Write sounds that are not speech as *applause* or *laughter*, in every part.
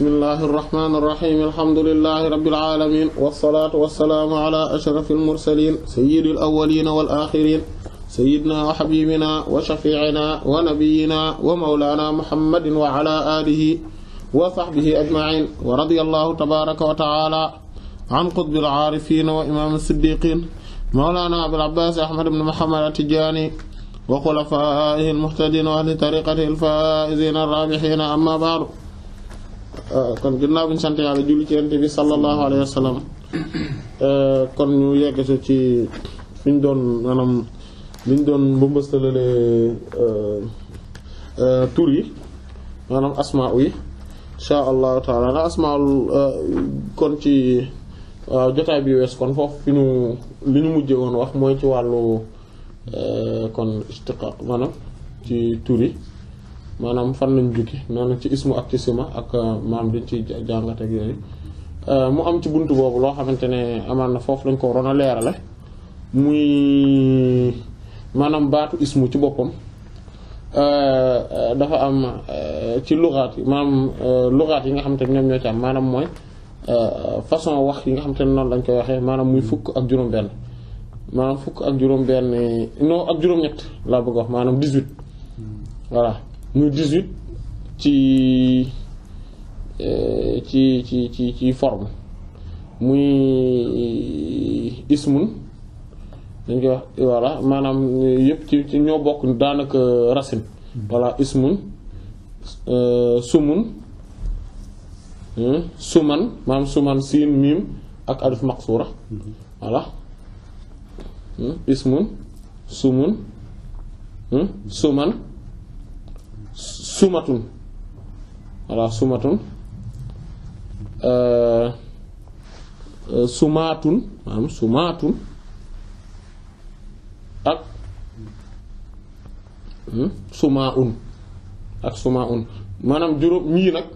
بسم الله الرحمن الرحيم الحمد لله رب العالمين والصلاة والسلام على أشرف المرسلين سيد الأولين والآخرين سيدنا وحبيبنا وشفيعنا ونبينا ومولانا محمد وعلى آله وصحبه أجمعين ورضي الله تبارك وتعالى عن قطب العارفين وإمام الصديقين مولانا أبو العباس أحمد بن محمد التجاني وخلفائه المهتدين وأهل طريقته الفائزين الرابحين أما بعد Euh, kon ginnaaw bi ñu sant yàlla julli ci yonent bi sallallahu alayhi wa *coughs* euh, kon ñu yegg si ci fi ñu doon maanaam li doon mbëmbëstalalee euh, tur yi maanaam asmaa yi insha allahu taala na asmaa kon ci jotaay bi wees kon foofu fi ñu li ñu mujjee woon wax mooy ci wàllu kon istiqaaq maanaam ci tur maanaam fan lañ jukki noonu ci ismu ak ci sima ak euh, maam dañ ci jàngat ak yooyu euh, mu am ci bunt boobu loo xamante ne amaan na foofu lañ ko waroon a leerale muy maanaam baatu ismu ci boppam euh, dafa am ci luxaat yi maanaam luxaat yi nga xam ne ñoom ñoo ci maanaam mooy façon wax yi nga xam ne noonu lañ koy waxee maanaam muy fukk ak juróom-benn maanaam fukk ak juróom-benn non ak juróom-ñett laa bëgg wax maanaam 18 hmm. voilà muy 18 ci euh, ci ci ci ci forme muy euh, ismun dañ koy wax voilà maanaam euh, yëpp ci ci ñoo bokk daanaka racine hmm. voilà ismun sumun hmm, suman maanaam suman siin miim ak alif maqsuura hmm. voilà ismun sumun suman sumatun voilà sumatun euh, euh, sumaatun maanaam sumaatun ak hmm, sumaaun ak maanaam juróom ñii nag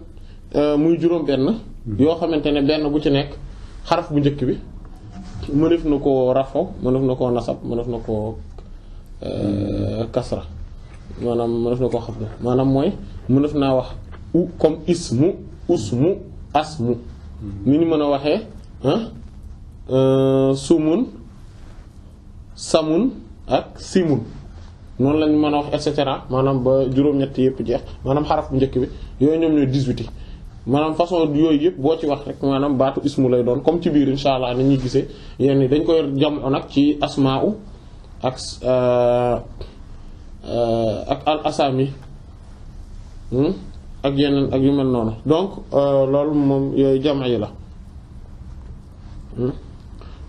euh, muy juróom benn hmm. yoo xamante ne benn bu ci nekk xaraf bu njëkk bi mënef na koo rafo mënef na koo nasab mënef na koo kasra maanaam mënef na koo xam ne maanaam mooy mënef naa wax u comme ismu usmu asmu hmm. ni ñu mën a waxee euh, sumun samun ak simun noonu lañ man a wax et cetera maanaam ba juróom ñetti yëpp jeex maanaam xaraf bu njëkk bi yooyu ñoom ñooy 18 maanaam façon yooyu yëpp boo ci wax rek maanaam baatu ismu lay doon comme ci biir incha allah ni ñuy gisee yenn dañ koy jam nag ci asmaa'u ak euh, Euh, ak al asami hmm? ak yeneen ak yu mel noonu donc euh, loolu moom yooyu jama yi la hmm?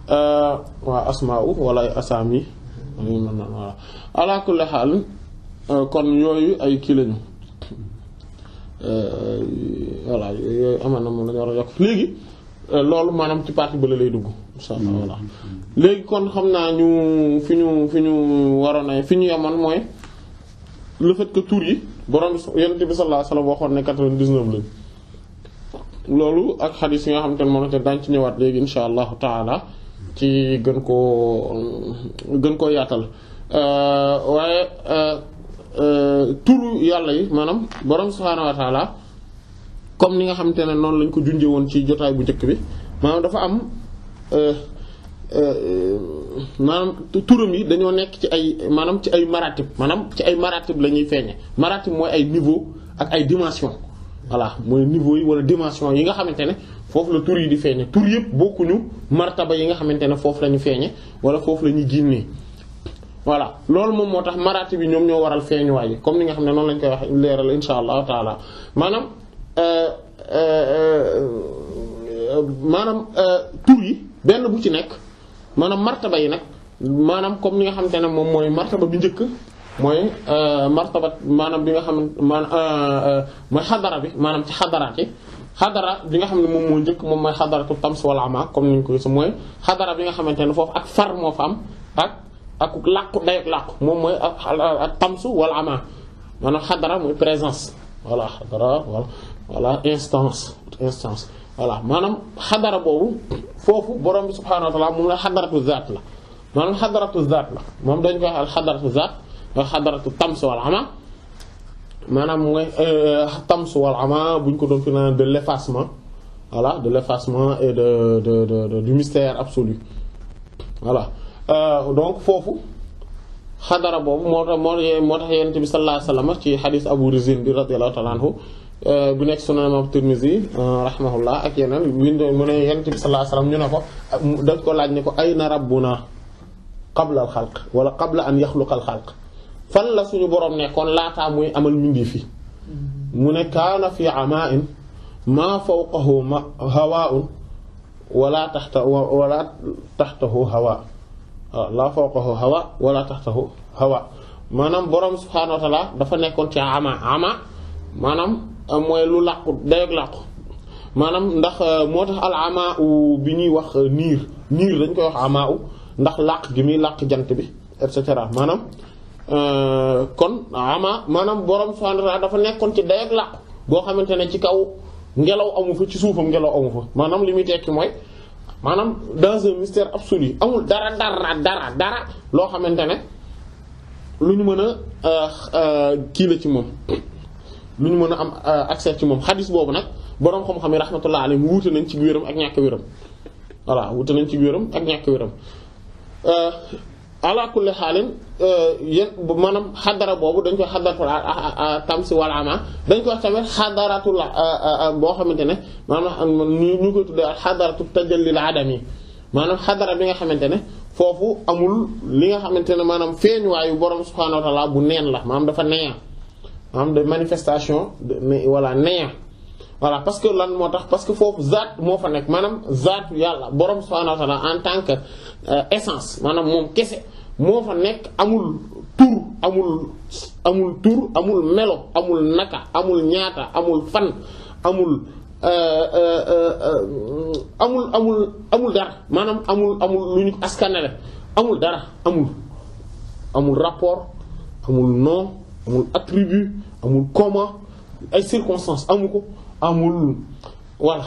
euh, waa asmaa u wala ay asami xaal kon yooyu ay kii lañu voilà yooyu aman na moom la ñu war a yokk léegi loolu maanaam ci partie bële lay dugg hmm. léegi kon xam naa ñu fi ñu fi ñu waroon a fi ñu yemoon mooy le fait que tur yi borom yonent bi sallallahu alayhi wasallam waxoon ne 99 lañ loolu ak xadis yi nga xamante ne moom te daañu ci ñëwaat léegi insha allahu taala ci gën koo gën koo yaatal euh, waaye euh, euh, turu yàlla yi maanaam borom subhaanahu wa comme ni nga xamante ne noonu lañ ko junjee woon ci jotaay bu njëkk bi maanaam dafa am. maanaam turam yi dañoo nekk ci ay maanaam ci ay maratib maanaam ci ay maratib la ñuy feeñe maratib mooy ay niveau ak ay dimension voilà mooy niveau yi wala dimension yi nga xamante ne foofu la tur yi di feeñe tur yëpp bokkuñu martaba yi nga xamante ne foofu la ñu feeñe wala foofu la ñuy génnee voilà loolu moom moo tax maratib yi ñoom ñoo waral feeñuwaay yi comme ni nga xam ne noonu lañ koy wax leeral insha allahu taala maanaam euh, euh, euh, maanaam tur yi benn bu ci nekk maanaam martaba yi nag maanaam comme ni nga xamante ne moom mooy martaba bi njëkk mooy euh, martabat maanaam bi nga xam maanaam euh, euh, mooy xadara bi maanaam ci xadaraat yi xadara bi nga xam ne moom moo njëkk moom mooy xadaratu tams wal ama comme ni ñu ko gis mooy xadara bi nga xamante ne foofu ak far moo fa am ak ak làqu dayok làqu moom mooy ak tamsu wal ama maanaam xadara mooy présence voilà xadara voilà voilà instance instance wala manam hadara bobu fofu borom subhanahu wa ta'ala moom la hadaratu zat la manam hadaratu zat la mom dañ koy xal hadaratu zat wa hadaratu tams wal ama manam moy euh tams wal ama buñ ko don fi naan de l'effacement wala de l'effacement et de de de de du mystère absolu wala euh donc fofu hadara bobu moo tax moo moo tax yonent bi sallallahu alayhi wasallam ci hadith Abu Rizin bi radiyallahu ta'ala anhu bu nek sunna imam turmizi rahimahullah ak yeneen mu ne yonent bi sallallahu alayhi wasallam ñu ne ko laaj ne ko ayna rabbuna qabla al khalq wala qabla an yaxluqa al khalq fan la suñu borom nekkoon lata muy amal mindi fi mu ne kaana fi ama'in ma fawqahu hawa'un wala tahta wala tahtahu hawa la fawqahu hawa wala tahtahu hawa manam borom subhanahu wa ta'ala dafa nekkon ci ama ama manam Euh, mooy lu làqu dayoog làqu maanaam ndax euh, moo tax al bi ñuy wax euh, niir niir dañ koy wax amaa ndax làq gi muy làq jant bi et cetera maanaam kon ama maanaam borom subhaanahu dafa nekkoon ci dayoog làqu boo xamante ne ci kaw ngelaw amu fa ci suufam ngelaw amu fa maanaam li muy tekki mooy maanaam dans un mystère absolu amul dara dara dara dara loo xamante ne lu ñu mën a kii la ci moom lu ñu mën a am euh, accet ci moom xadis boobu nag boroom xam-xam yi rahmatullah alayhi wuute nañ ci wéram ak ñàkk wéram voilà wuute nañ ci wéram ak ñàkk wéram euh, ala kulli xaalin euh, yéen maanaam xadara boobu dañ koy xadaratul tamsi wal dañ koy tamit xadaratul boo xamante ne maanaam ñu ñu koy tuddee ak xadaratu tajallil adami maanaam xadara bi nga xamante ne foofu amul li nga xamante ne maanaam feeñuwaayu borom subhaanahu wa bu neen la maanaam dafa neex. maanaam de manifestation de voilà néant voilà parce que lan motax parce que fofu zat mo fa nek manam zat yalla borom subhanahu wa ta'ala en tant que euh, essence manam mom kesse mo fa nek amul tour amul amul tour amul melo amul naka amul nyata amul fan amul euh, euh, amul amul amul dar manam amul amul luñu ñu askanale amul dara amul amul rapport amul nom amul attribut amul comment ay circonstances amu amul walla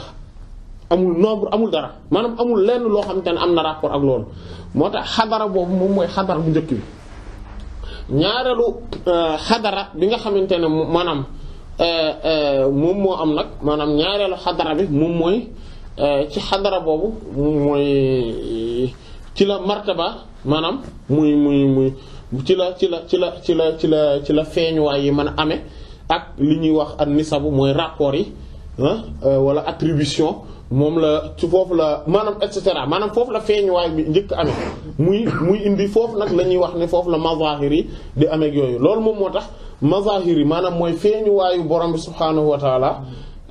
amul nombre amul dara maanaam amul lenn loo xamante ne am na rapport ak loolu moo tax xadara boobu moom mooy xadara bu njëkk bi ñaareelu euh, xadara bi nga xamante ne maanaam euh, euh, moom moo am nag maanaam ñaareelu xadara bi moom mooy ci xadara boobu moom mooy ci la ba maanaam muy muy muy ci la ci la ci la ci la ci la ci la feeñuwaay yi mën a amee ak li ñuy wax ak nisabu mooy rapport yi euh, wala attribution moom la ci foofu la maanaam et cetera maanaam foofu la feeñuwaay bi njëkk amee muy muy indi foofu nag la wax ne foofu la mazahir yi di amee yooyu loolu moom moo tax mazahir yi maanaam mooy feeñuwaayu borom bi subhaanahu wa taala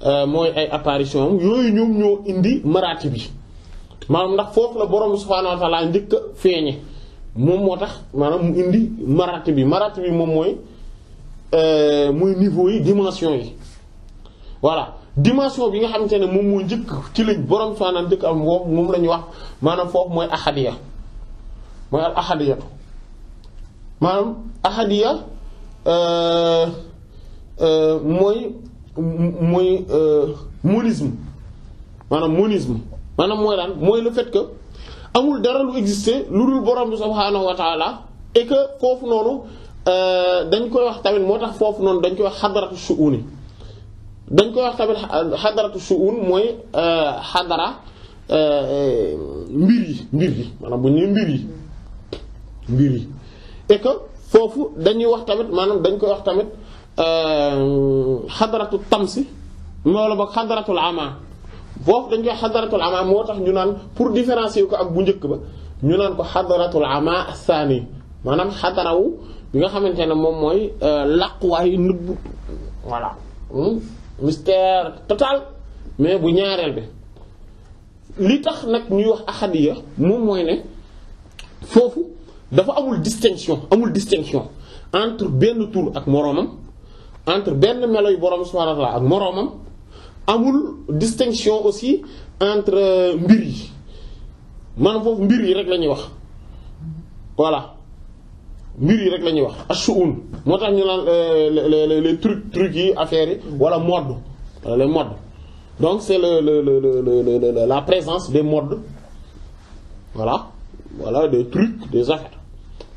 euh, mooy ay apparition yooyu ñoom ñoo indi maraati bi maanaam ndax foofu la borom bi subhaanahu njëkk a feeñe moom moo tax maanaam mu indi maraati bi maraati bi moom mooy euh, mooy niveau yi dimension yi voilà dimension bi nga xamante ne moom moo njëkk ci lañ borom subhaanahu njëkk am woo moom la ñu wax maanaam foofu mooy ahadiya mooy al ahadiyatu maanaam ahadiya euh, euh, mooy mooy monisme maanaam monisme maanaam mooy lan mooy le fait que amul dara lu existé lu dul borom bi subhaanahu wa taala et que foofu noonu euh, dañ koy wax tamit moo tax foofu noonu dañ koy wax xadaratu shuuni dañ koy wax tamit mooy euh, xadara euh, mbir yi mbir yi maanaam bu ñu mbir yi mbir yi et que foofu dañuy wax tamit maanaam dañ koy wax tamit xadaratu tamsi loolu ba xadaratul ama boobu dañ koy xadaratul ama moo tax ñu naan pour différencier ko ak bu njëkk ba ñu naan ko xadaratul ama saani maanaam xadarawu bi nga xamante ne moom mooy euh, làquwaay nëbb voilà hmm? mystère total mais bu ñaareel bi li tax nag ñuy wax ahadiya moom mooy ne foofu dafa amul distinction amul distinction entre benn tour ak moroomam entre benn melo yu borom subhaanahu wa ak moroomam amul distinction aussi entre euh, mbiri. yi Mbiri voilà mbiri yi rek la wax ashuun motax ñu euh, les trucs trucs yi affaires voilà wala mode les modes donc c'est le la présence des modes voilà voilà des trucs des affaires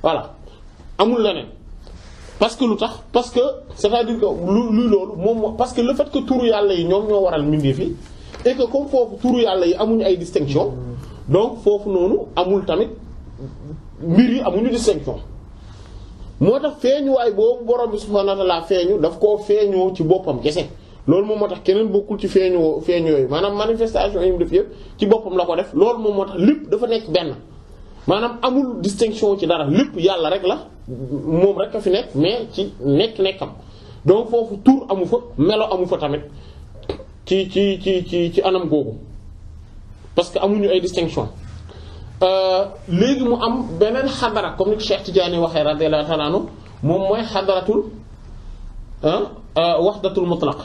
voilà amul l'année parce que lu parce que c'est-à-dire que lu luy loolu moom parce que le fait que turu yalla yi ñoom ñoo waral mbindeef fi et que comme fofu turu yalla yi amuñu ay distinction donc fofu noonu amul tamit mbir yi amuñu distinction moo tax feeñuwaay boobu borom bi subhaanahu wa ta'aala feeñu daf ko feñu ci bopam kese loolu moom moo tax keneen bokkul ci feñu feñoy manam manifestation yim def yëpp ci bopam la ko def loolu moom moo tax dafa nekk benn maanaam amul distinction ci dara lépp yàlla rek la moom rek a fi nekk mais ci nekk-nekkam donc foofu tur amu fa melo amu fa tamit ci ci ci ci ci anam googu parce que amuñu ay distinction euh, léegi mu am beneen xadara comme ni Cheikh Tidiane waxee radiyallahu ta'ala anhu moom mooy xadaratul euh, waxdatul mutlaq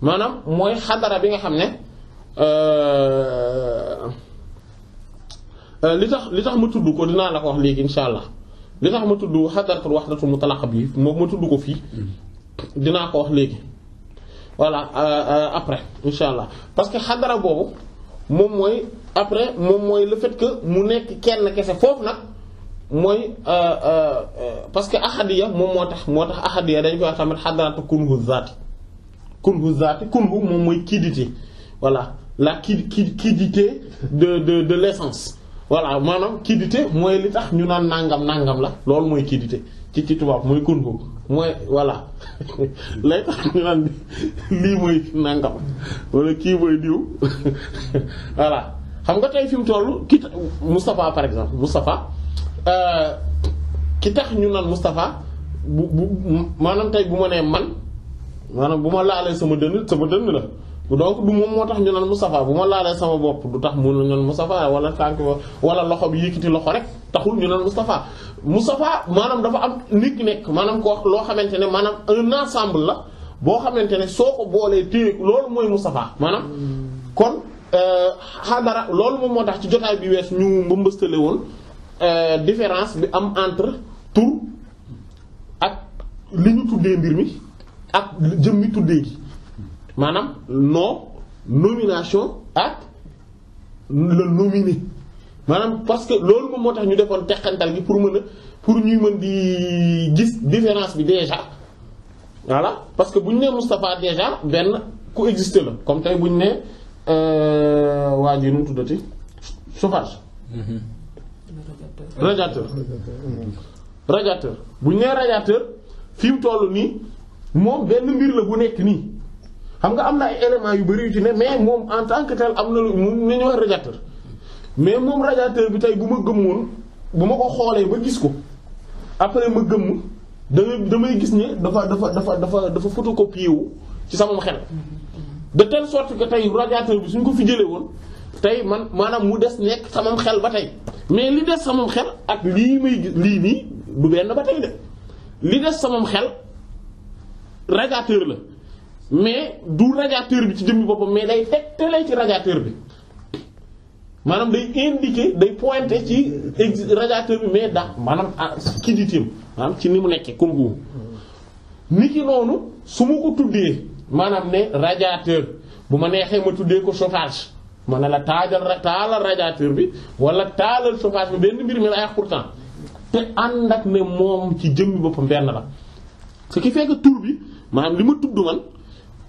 maanaam mooy xadara bi nga xam ne euh, Euh, li tax li tax ma tuddu ko dina la ko wax léegi insha allah li tax ma tuddu xadaratul wahdatul mutalaqa bi mo ma tuddu ko fi dina ko wax léegi voilà euh, euh, après insha parce que xadara boobu mom moy après mom moy le fait que mu nek kenn kese foofu nag mooy parce que ahadiya mom motax motax moo ahadiya dañ ko wax tamit xadaratu kunhu zaati kunhu zaati kunhu mom moy kidité voilà la kidité de de de l'essence voilà maanaam quiddité mooy li tax ñu naan nàngam nàngam la loolu mooy quiddité ci ci tubaab mooy concours mooy voilà *laughs* lay tax ñu naan lii mooy nangam wala kii mooy diw *laughs* voilà xam nga tey fi mu toll ki par exemple Moustapha euh, ki tax ñu naan Moustapha bu bu maanaam tey bu ma nee man maanaam bu ma laalee sama dënn sama dënn la. donc du moom moo tax ñu naan Mustafa bu ma laalee sama bopp du tax mu naan Mustafa wala tànk wala loxo bi yëkkati loxo rek taxul ñu naan Mustafa Mustafa maanaam dafa am nit ki nekk maanaam ko loo xamante ne maanaam un ensemble la boo xamante ne soo ko boolee téye loolu mooy Mustafa maanaam kon xadara euh, loolu moom moo tax ci jotaay bi wees ñu mbëmbëstale woon euh, différence bi am entre tur ak li ñu tuddee mbir mi ak jëm mi tuddee gi Madame, non nomination ak le nominer Madame, parce que l'on mo nous ñu de tekantal gi pour meuna pour ñuy mën di gis différence bi déjà voilà parce que buñ né déjà ben ku comme tay buñ né euh radiateur radiateur radiateur fi ni mbir la bu xam nga am na ay éléments yu bari yu ci ne mais moom en tant que am na lu moom ni ñu wax radiateur mais moom radiateur bi tey bu ma gëmmoon bu ma ko xoolee ba gis ko après ma gëmm damay damay gis ne dafa dafa dafa dafa dafa photocopier wu ci sama xel de telle sorte que tey radiateur bi suñ ko fi jëlee woon tey man maanaam mu des nekk sama xel ba tey mais li des sama xel ak lii may gis lii nii du benn ba tey de li des sama xel radiateur la mais du radiateur bi ci jëmmi boppam mais day tegtale ci radiateur bi maanaam day indiquer day pointer ci radiateur bi mais da maanaam quiddité ah, maanaam ci ni mu nekkee comme boobu. nit ki su ma ko tuddee maanaam ne radiateur bu ma neexee ma tuddee ko chauffage ma la taajal taalal radiateur bi wala taalal chauffage bi benn mbir mi la ay pourtant te ànd ak ne moom ci jëmmi boppam benn la ce qui fait tur bi maanaam li ma tudd man.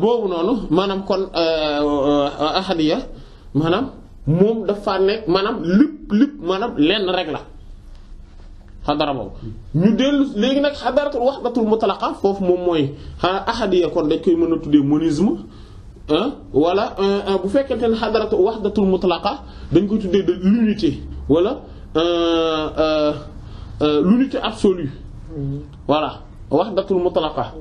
bobu nonu manam kon ahadiya maanaam moom dafa nek manam lépp lépp manam len rek la hadara mom ñu dellu léegi nag xadaratul waxdatul mutlaqa fofu mom moy ahadiya kon dañ koy mëna tuddé monisme hein wala bu fekkante ne wahdatul mutlaqa dañ koy tuddé de l'unité wala l'unité absolue voilà wahdatul mutlaqa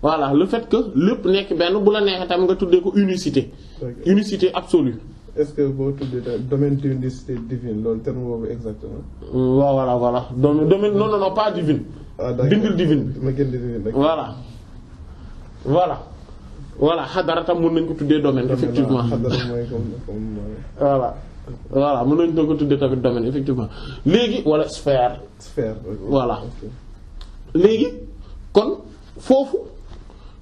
voilà le fait que lépp nek benn bu la neexee tam nga tuddé ko unicité. unicité absolue. est-ce que boo le domaine d'unicité divine loolu terme bobu exactement. waaw euh, voilà voilà domaine domaine non non non pas divine. ah divine ma divine voilà voilà. voilà xadara tam mën nañ ko tuddee domaine effectivement voilà voilà mën nañ ko tuddé tamit domaine effectivement légui wala sphère. sphère voilà légui kon fofu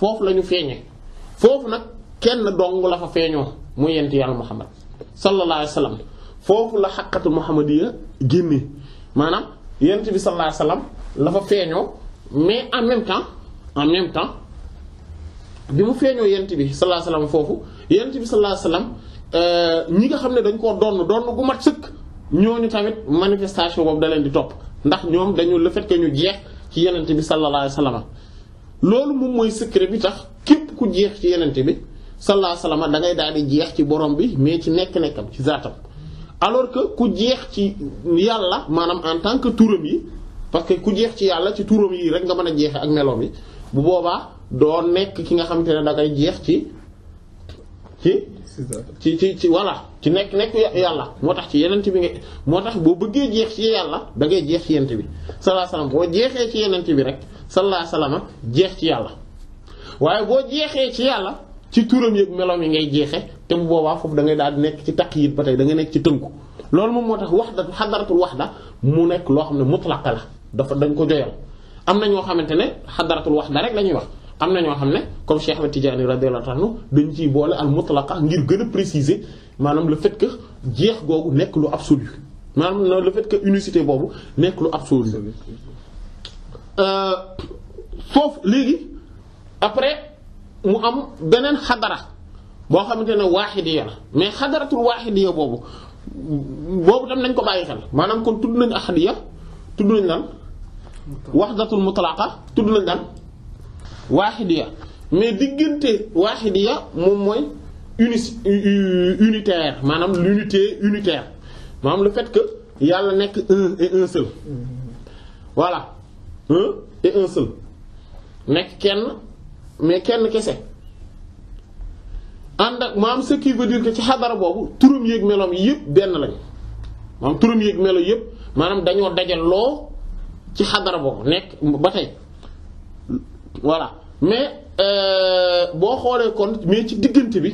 foofu la ñu feeñee foofu nag kenn dong la fa feeñoo muy yent yàlla Muhammad sallallahu alayhi foofu la xàqatu muhammadiya génne maanaam yent bi sallallahu alayhi wa sallam la fa feeñoo mais en même temps en même temps bi mu feeñoo yent bi sallallahu alayhi wa yent bi sallallahu alayhi wa sallam euh, ñi nga xam ne dañ koo donn donn gu mat sëkk ñooñu tamit manifestation boobu da leen di topp ndax ñoom dañu le fait ñu jeex ci yenent bi sallallahu alayhi wa loolu moom mooy secret bi tax képp ku jeex ci yenente bi sallallahu alayhi wasallam da ngay daal di jeex ci borom bi mais ci nekk-nekkam ci zaatam alors que ku jeex ci yàlla maanaam en tant que turam yi parce que ku jeex ci yàlla ci turam yi rek nga mën a jeexe ak nelaw bi bu boobaa doo nekk ki nga xamante ne da ngay jeex ci ci ci ci ci wala ci nekk nekk ya-, yàlla moo tax ci yenent bi nga moo tax boo jeex ci yalla da ngay jeex ci yenent bi sallallahu alayhi wasallam boo jeexee ci yenent bi rek sallallahu alayhi wasallam jeex ci yàlla waaye boo ci ci yi ngay jeexe te bu boba fofu da ngay daal nek nekk ci taqyid batay da ngay nekk ci tënku lolou mom motax wahda hadratul wahda mu nek lo xam mutlaqala dafa dañ ko doyal amna ño xamantene hadratul wahda rek lañuy wax am na ñoo xam ne comme Cheikh Ahmed Tidiane radiyallahu anhu dañ ciy boole al mutlaqa ngir gën a préciser maanaam le fait que jeex googu nekk lu absolu maanaam le fait que unicité boobu nekk lu absolu euh, foofu léegi après mu am beneen xadara boo nga ne waaxidiya la mais xadaratul waaxidiya boobu boobu tam nañ ko bàyyi xel maanaam kon tudd nañ axadiya tudd nañ lan waxdatul mutlaqa tudd nañ lan mais dignité, wahidiya, unitaire madame l'unité unitaire le fait que y nek un et un seul voilà un et un seul mais kenn kese ce qui veut dire que ci xadara bobu turum yek melom yépp ben lañ manam turum melo ci voilà mais euh, boo xoolee kon mais ci diggante bi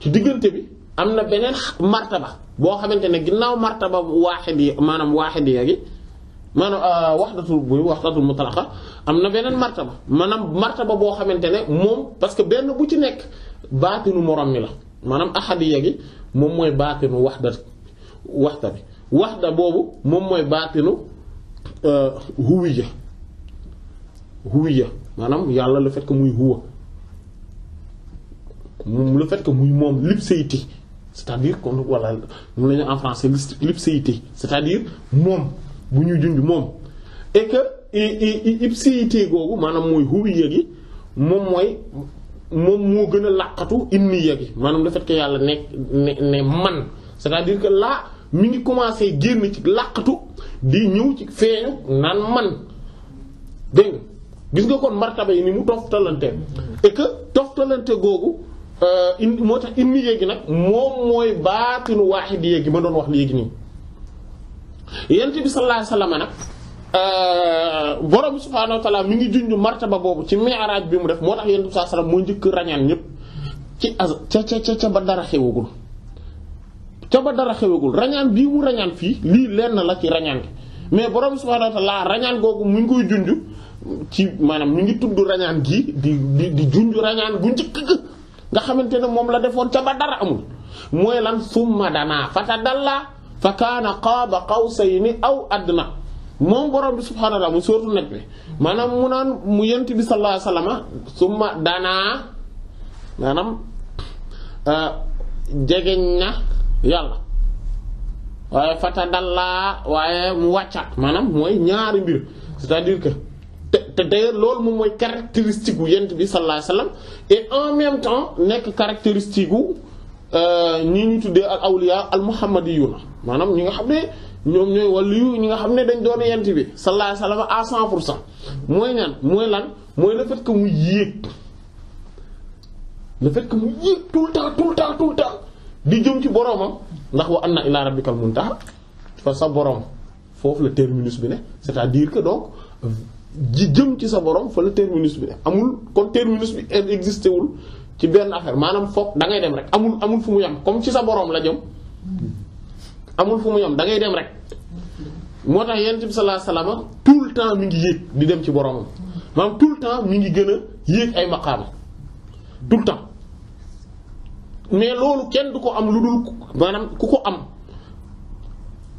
ci diggante bi am na beneen martaba boo xamante ne ginnaaw martaba waaxidi maanaam waaxidi gi maanaam euh, waxdatul buy waxdatul mutlaqa am na beneen martaba maanaam martaba boo xamante ne moom parce que benn bu ci nekk baatinu morom mi la maanaam ahadiya gi moom mooy baatinu wax waxda bi waxda boobu moom mooy baatinu euh, huwiya huwiya manam yalla le fait que muy huwa moom le fait que muy mom l'ipséité c'est-à-dire qu'on wala moom la en français l'ipséité c'est-à-dire mom buñu ñuy mom et que ipséité gogou manam mooy huwiya gi mom moy mom mo gëna laqatu làqatu inniya gi manam le fait que yalla nek ne ne man c'est-à-dire que la mi ngi commencé génn ci làqatu di ñew ci feeñu naan man dégg gis nga kon martaba yi ni mu toftalante mm-hmm. et que toftalante googu euh, indi moo tax indi yéegi nag moom mooy baatinu waaxid yéegi ma doon wax léegi nii yent bi sallallahu alayhi wasallam nag euh, borom subhaanahu wa taala mi ngi junj martaba boobu ci mi'raaj bi mu def moo tax yent bi sallallahu alayhi wasallam moo njëkk rañaan ñépp ci as ca ca ca ba dara xewagul ca ba dara xewagul rañaan bii mu rañaan fii lii lenn la ci rañaan gi mais borom subhaanahu wa taala rañaan googu mu ngi koy junj. ci manam ñu ngi tuddu rañaan gi di di di rañaan gu njëkk ga nga xamantene mom la defoon ca ba dara amul moy lan summa dana fatadalla fa kana qaba qawsayni aw adna mom borom bi subhaanallah mu sóortu manam bi maanaam mu naan mu yent bi sallallahu alayhi wasallam summa manam euh jegeñ na yàlla waaye fatadalla waye mu waccat manam moy ñaari mbir c'est-à-dire que te d'ailleurs caractéristique et en même temps caractéristique euh, awliya al muhammadiyuna manam ñi nga ne waliyu ñi dañ doon à 100% le fait que mu le fait que mu tout le temps tout le temps tout le temps di ci ndax wa ila rabbikal muntaha fa sa le terminus bi c'est-à-dire que donc ji jëm ci sa borom fa la terminus bi amul kon terminus bi er existé wul ci benn affaire maanaam foog da ngay dem rek amul amul fu mu yem comme ci sa borom la jëm amul fu mu yem da ngay dem rek moo tax yonent bi sallallahu alayhi wasallam tout le temps mi ngi yéeg di dem ci boromam maanaam tout le temps mi ngi gën a yéeg ay maqaama tout le temps mais loolu kenn du ko am lu dul maanaam ku ko am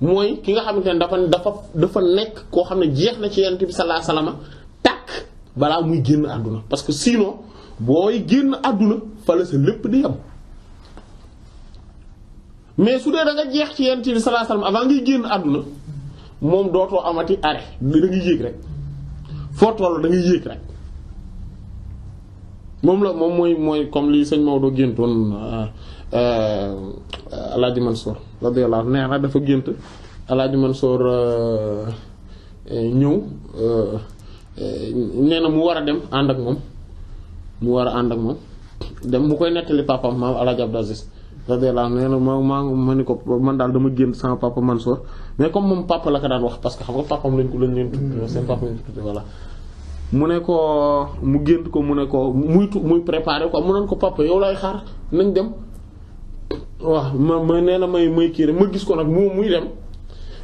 mooy ki nga xamante ne dafa dafa dafa nekk koo xam ne jeex na ci yonent bi sallallahu alayhi wasallam balaa muy génn àdduna parce que sinon booy génn àdduna fa la sa lépp di yam mais su dee da jeex ci yonent bi sallallahu alayhi wasallam avant ngay génn àdduna moom dootoo amati arrêt da yéeg rek foo toll da yéeg rek moom la moom mooy mooy comme li sëñ Maodo géntoon euh, euh, Alaaji Mansour radiyallahu nee na dafa gént alaaji Mansoor euh, euh, ñëw euh, nee neena mu wara dem and ak mom mu wara and ak mom dem bu koy netali papa ma aladi abdaziz radiyallahu nee na ma ma ma ko man dal dama gënt sama papa Mansoor mais comme mom papa la ka daan wax parce que xam nga mu lañ ko lañ leen mm. ko mu ne ko mu gént ko mu ne ko muy muy préparé quoi mu non ko papa yow lay xaar nañ dem waaw ma ma nee na may may kii rek ma gis ko nag moom muy dem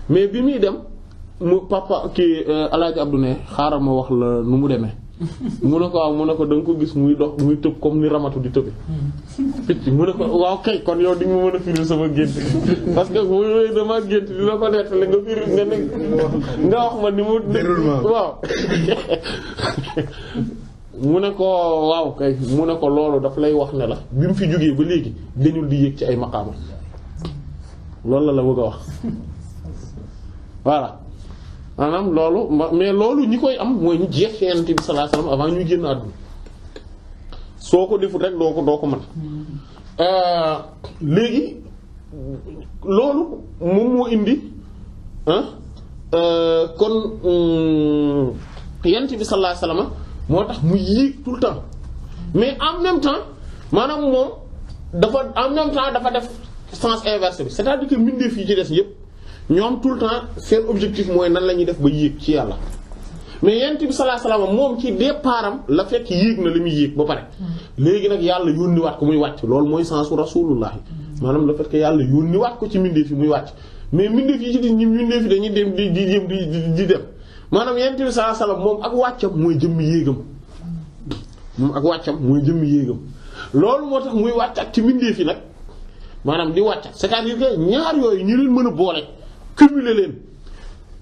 mais bi muy dem mu papa kii euh, alaaji Abdou ne xaaral ma wax la nu mu demee *laughs* mu ne ko waaw mu ne ko da nga ko gis muy dox muy tëb comme ni ramatu di tëbe picc mu ne ko waaw kay kon yow di nga mën a firi sama gént *laughs* parce que bu yooyu dama gént dina ko nettali nga firi nga ne nga wax ma ni mu waaw *laughs* mu ne ko waaw kay mu ne ko loolu daf lay wax ne la bi mu fi jógee ba léegi dañul di yéeg ci ay maqaama loolu la la bëgg a wax *laughs* voilà maanaam loolu mais loolu ñi koy am mooy ñu jeex ci Yonent bi sallallahu avant ñuy génn soo ko defut rek doo ko doo ko mën hmm. euh, léegi loolu moom indi euh, kon hmm, Yonent bi sallallahu alayhi wasallam moo tax mu yéeg tout temps mais en même temps maanaam moom dafa en même temps dafa def sens inverse bi c'est-à-dire que mbindeef yi ci des yëpp ñoom tout le temps seen objectif mooy nan la ñuy def ba yéeg ci yàlla mais yent bi sallallahu moom ci départam la fekk yéeg na li muy yéeg ba pare léegi nag yàlla yónniwaat ko muy wàcc loolu mooy sensu rasulullah maanaam la fait que yàlla yónniwaat ko ci mbindeef yi muy wàcc mais mbindeef yi ci di ñi mbindeef yi dañuy dem di di jëm dem maanaam yonent bi sallallahu alayhi moom ak wàccam mooy jëmm yéegam moom ak wàccam mooy jëmm yéegam loolu moo tax muy wàccaat ci mbindeef yi nag maanaam di wàccaat c'est-à-dire que ñaar yooyu ñu leen mën a boole cumuler leen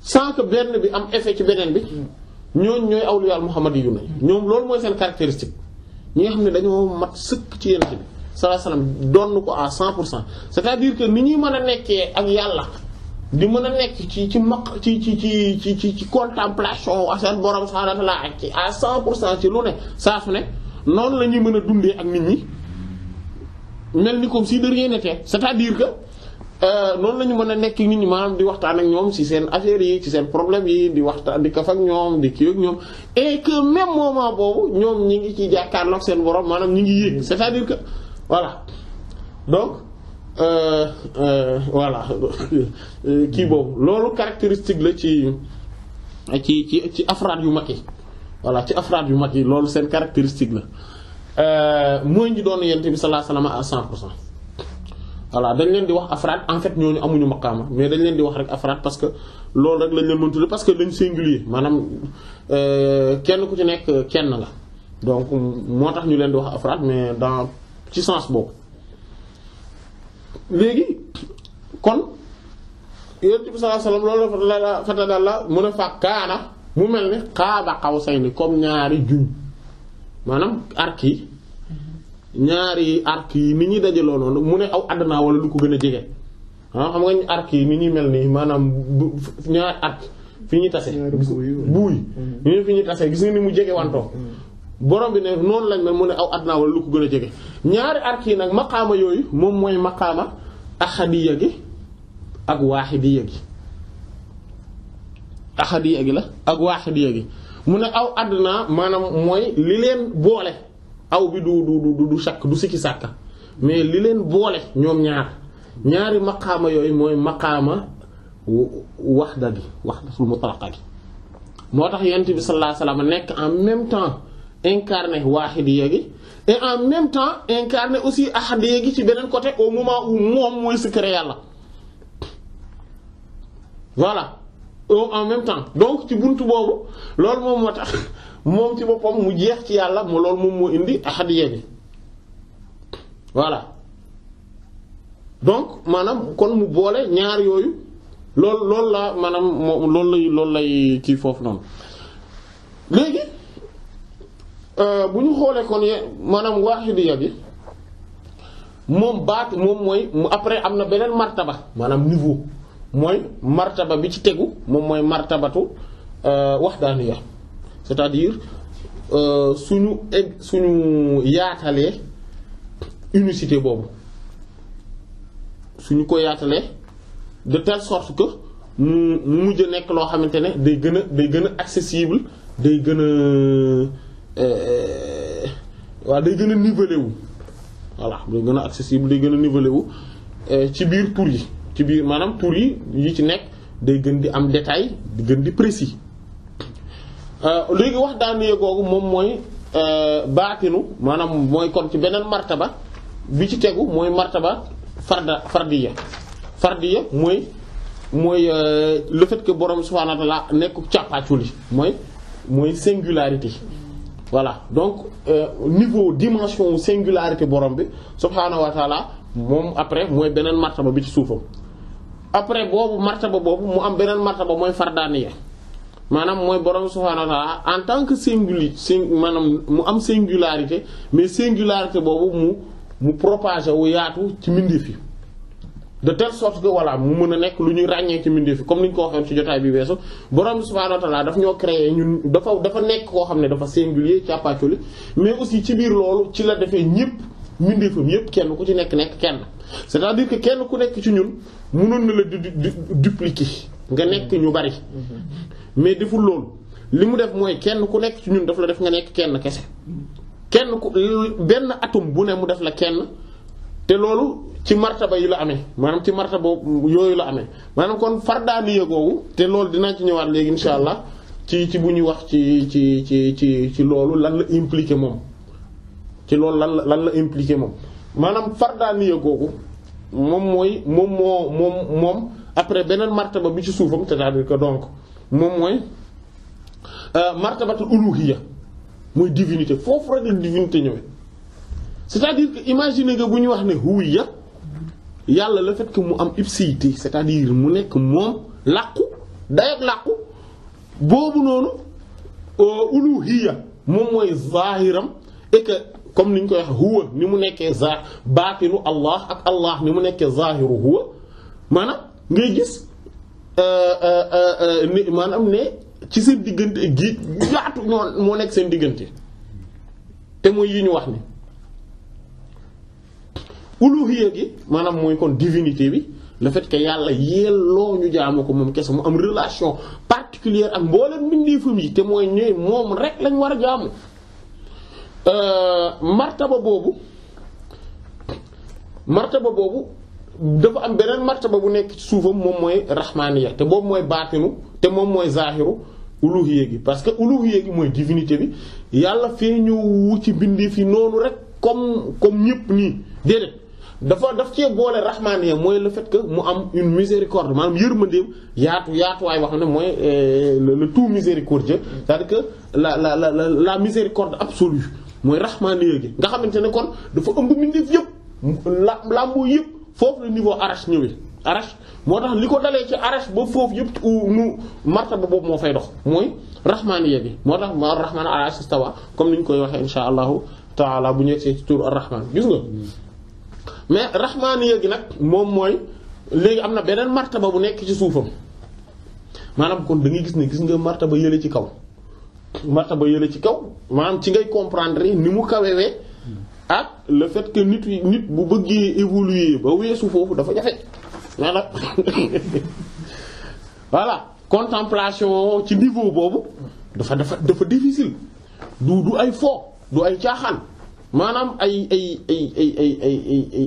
sans que benn bi am effet ci beneen bi ñooñ ñooy awliyaal muhammadiyuna ñoom loolu mooy seen caractéristique ñi nga xam ne dañoo mat sëkk ci yonent bi sallallahu alayhi donn ko à cent pour cent c'est-à-dire que ni ñuy mën a nekkee ak yàlla di mën a nekk ci ci maq ci ci ci ci ci ci contemplation ak seen borom subhaanahu ak ci à 100 cent ci lu ne saa su ne noonu la ñuy mën a dundee ak nit ñi mel ni comme si de rien n'était cest à diir que euh, noonu la ñu mën a nekk nit ñi maanaam di waxtaan ak ñoom ci seen affaires yi ci seen problème yi di waxtaan di kaf ak ñoom di kii ak ñoom et que même moment boobu ñoom ñi ngi ci jàkkaarloog seen borom maanaam ñi ngi yéeg c'est-à-dire que voilà donc. Euh, euh, voilà *laughs* euh, kii bon lolu caractéristique la ci ci ci afrad yu makki voilà ci afrad yu makki lolu sen caractéristique la mooy ñi doon yonent bi sallallahu alayhi wa sallam à 100 voilà dañ leen di wax afrad en fait ñooñu amuñu maqama mais dañ leen di wax rek afrad parce que loolu rek lañ leen mën parce que lañ singulier euh kenn ku ci nek kenn la donc motax ñu leen di wax afrad mais dans ci sens beaucoup léegi kon yonent bi sallallahu alayhi wasallam loolu la mu ne fa kaana mu mel ni qaaba qawsayni comme ñaari juñ maanaam arc yi ñaari arc yi ni ñuy dajaloo noonu mu ne aw àddina wala lu ko gën a jege ah xam nga arc yi ni ñuy mel nii maanaam ñaari arc fi ñuy tase buuy ñu mm-hmm. fi ñuy tase gis nga ni mu jege wantoo mm-hmm. borom bi ne noonu lañ mel mu ne aw adnaa wala lu ko gën a jege ñaari arc yi nag maqaama yooyu moom mooy maqaama axadiya gi ak waaxidiya gi axadiya gi la ak waaxidiya gi mu ne aw adnaa maanaam mooy li leen boole aw bi du du du sakk du sikki sàkka mais li leen boole ñoom ñaar ñaari maqaama yooyu mooy maqaama waxda gi waxdatul mutlaqa gi moo tax yent bi sallallahu alayhi nekk en même temps incarné waaxidiya gi et en même temps incarné aussi ahadiya gi ci beneen côté au moment où moom mooy secret yàlla voilà en même temps donc ci buntu boobu loolu moom moo tax moom ci boppam mu jeex ci yàlla mu lool moom indi ahadiya voilà donc maanaam kon mu boole ñaar yooyu loolu loolu la moom loolu lay lool lay ci foofu noonu léegi Si xolé madame ye mon bi après amna benen martaba niveau moy martaba bi ci mom martabatu euh, c'est-à-dire euh, suñu nous suñu yaatalé unicité bobu suñu ko yaatalé de telle sorte que nous mu des day day accessible day Euh, euh, waaw day gën a nivelé wu voilà day gën a accessible day gën a nivelé wu euh, ci biir tur yi ci biir maanaam tur yi yi ci nekk day gën di am détail di gën di précis léegi wax daaniyee googu moom mooy baatinu maanaam mooy kon ci beneen martaba bi ci tegu mooy martaba farda fardiya fardiya mooy mooy le fait que borom subhaanahu wa ta'aala nekk càppaaculi mooy mooy singularité voilà donc euh, niveau dimension singularité borom bi subhaanahu wa taala mom après moy benen martaba bi ci suufam après bobu martaba bobu mu am benen martaba moy fardaniya manam moy borom subhanahu wa taala en tant que singuli sing manam mu am singularité mais singularité bobu mu mu propager wu yaatu ci mbindeef fi de telle sorte que voilà mu mën a nekk lu ñuy ràññee ci mbindeef comme ni ñu ko waxoon ci jotaay bi weesu borom subhaanahu wa ta'aala daf ñoo créé ñun dafa dafa nekk koo xam ne dafa singulier càppaacoli mais aussi ci biir loolu ci la defee ñëpp mbindeefam yëpp kenn ku ci nekk nekk kenn c'est-à-dire que kenn ku nekk ci ñun mënoon na la di dupliquer nga nekk ñu bari mais deful loolu li mu def mooy kenn ku nekk ci ñun daf la def nga nekk kenn kese kenn ku benn atum bu ne mu def la kenn te loolu ci martaba yi la amee maanaam ci martaba yooyu la amee maanaam kon fardaaniya googu te loolu dinaa ci ñëwaat léegi insha allah ci ci bu ñuy wax ci ci ci ci ci loolu lan la impliqué moom ci loolu lan la lan la impliqué moom maanaam fardaaniya googu moom mooy moom moo moom moom après beneen martaba bi ci suufam c'est-à-dire que donc moom mooy euh, martabatul uluhiyya mooy divinité foofu rek la divinité ñëwee. c'est-à-dire que imagine nga bu ñu wax ne huwiya yàlla la fait que mu am ipséité c'est-à-dire mu nekk moom làqu dayak làqu boobu noonu euh, uluhiya moom mooy zahiram et comme ni ñu koy wax huwa ni mu nekkee za baatinu allah ak allah ni mu nekkee zahiru huwa maanaam ngay gis euh, euh, ne maanaam ne ci seen diggante gi yaatu ñoo moo nekk seen diggante te mooy yi ñu wax ni uluhiyya gi manam moy kon divinité le fait que yalla yelloo ñu jaamu ko moom mu am relation particulière ak mbolam yi te moy mom rek lañ wara jaam euh martaba bobu martaba bobu am martaba bu ci te te parce que uluhiyya gi moy divinité bi yalla ci comme comme ni, dafa daf cee boole rahmaaniya mooy le fait que mu am une miséricorde maanaam yërmandeem yaatu yaatuwaay wax ne mooy euh, le tout miséricordieux cest à que la la la la miséricorde absolue mooy rahmaaniya gi nga xamante ne kon dafa ëmb mbindeef yëpp la làmbu yëpp foofu la niveau arache ñëwee arache moo tax li ko dalee ci arache ba foofu yëpp nu martaba boobu moo fay dox mooy rahmaaniya gi moo tax ma rahmaan arash istawa comme ni ñu koy waxee insha allahu taala bu ñu yegsee ci tur ar mais rahmaaniya gi nag moom mooy léegi am na beneen martaba bu nekk ci suufam maanaam kon da gis ne gis nga ba yële ci kaw ba yële ci kaw maanaam ci ngay comprendre ni mu kawewee ak le fait que nit nit bu bëggee évoluer ba weesu foofu dafa jafe maanaam *laughs* voilà contemplation ci niveau boobu dafa dafa dafa difficile du du ay fo du ay caaxaan. maanaam ay ay ay ay ay ay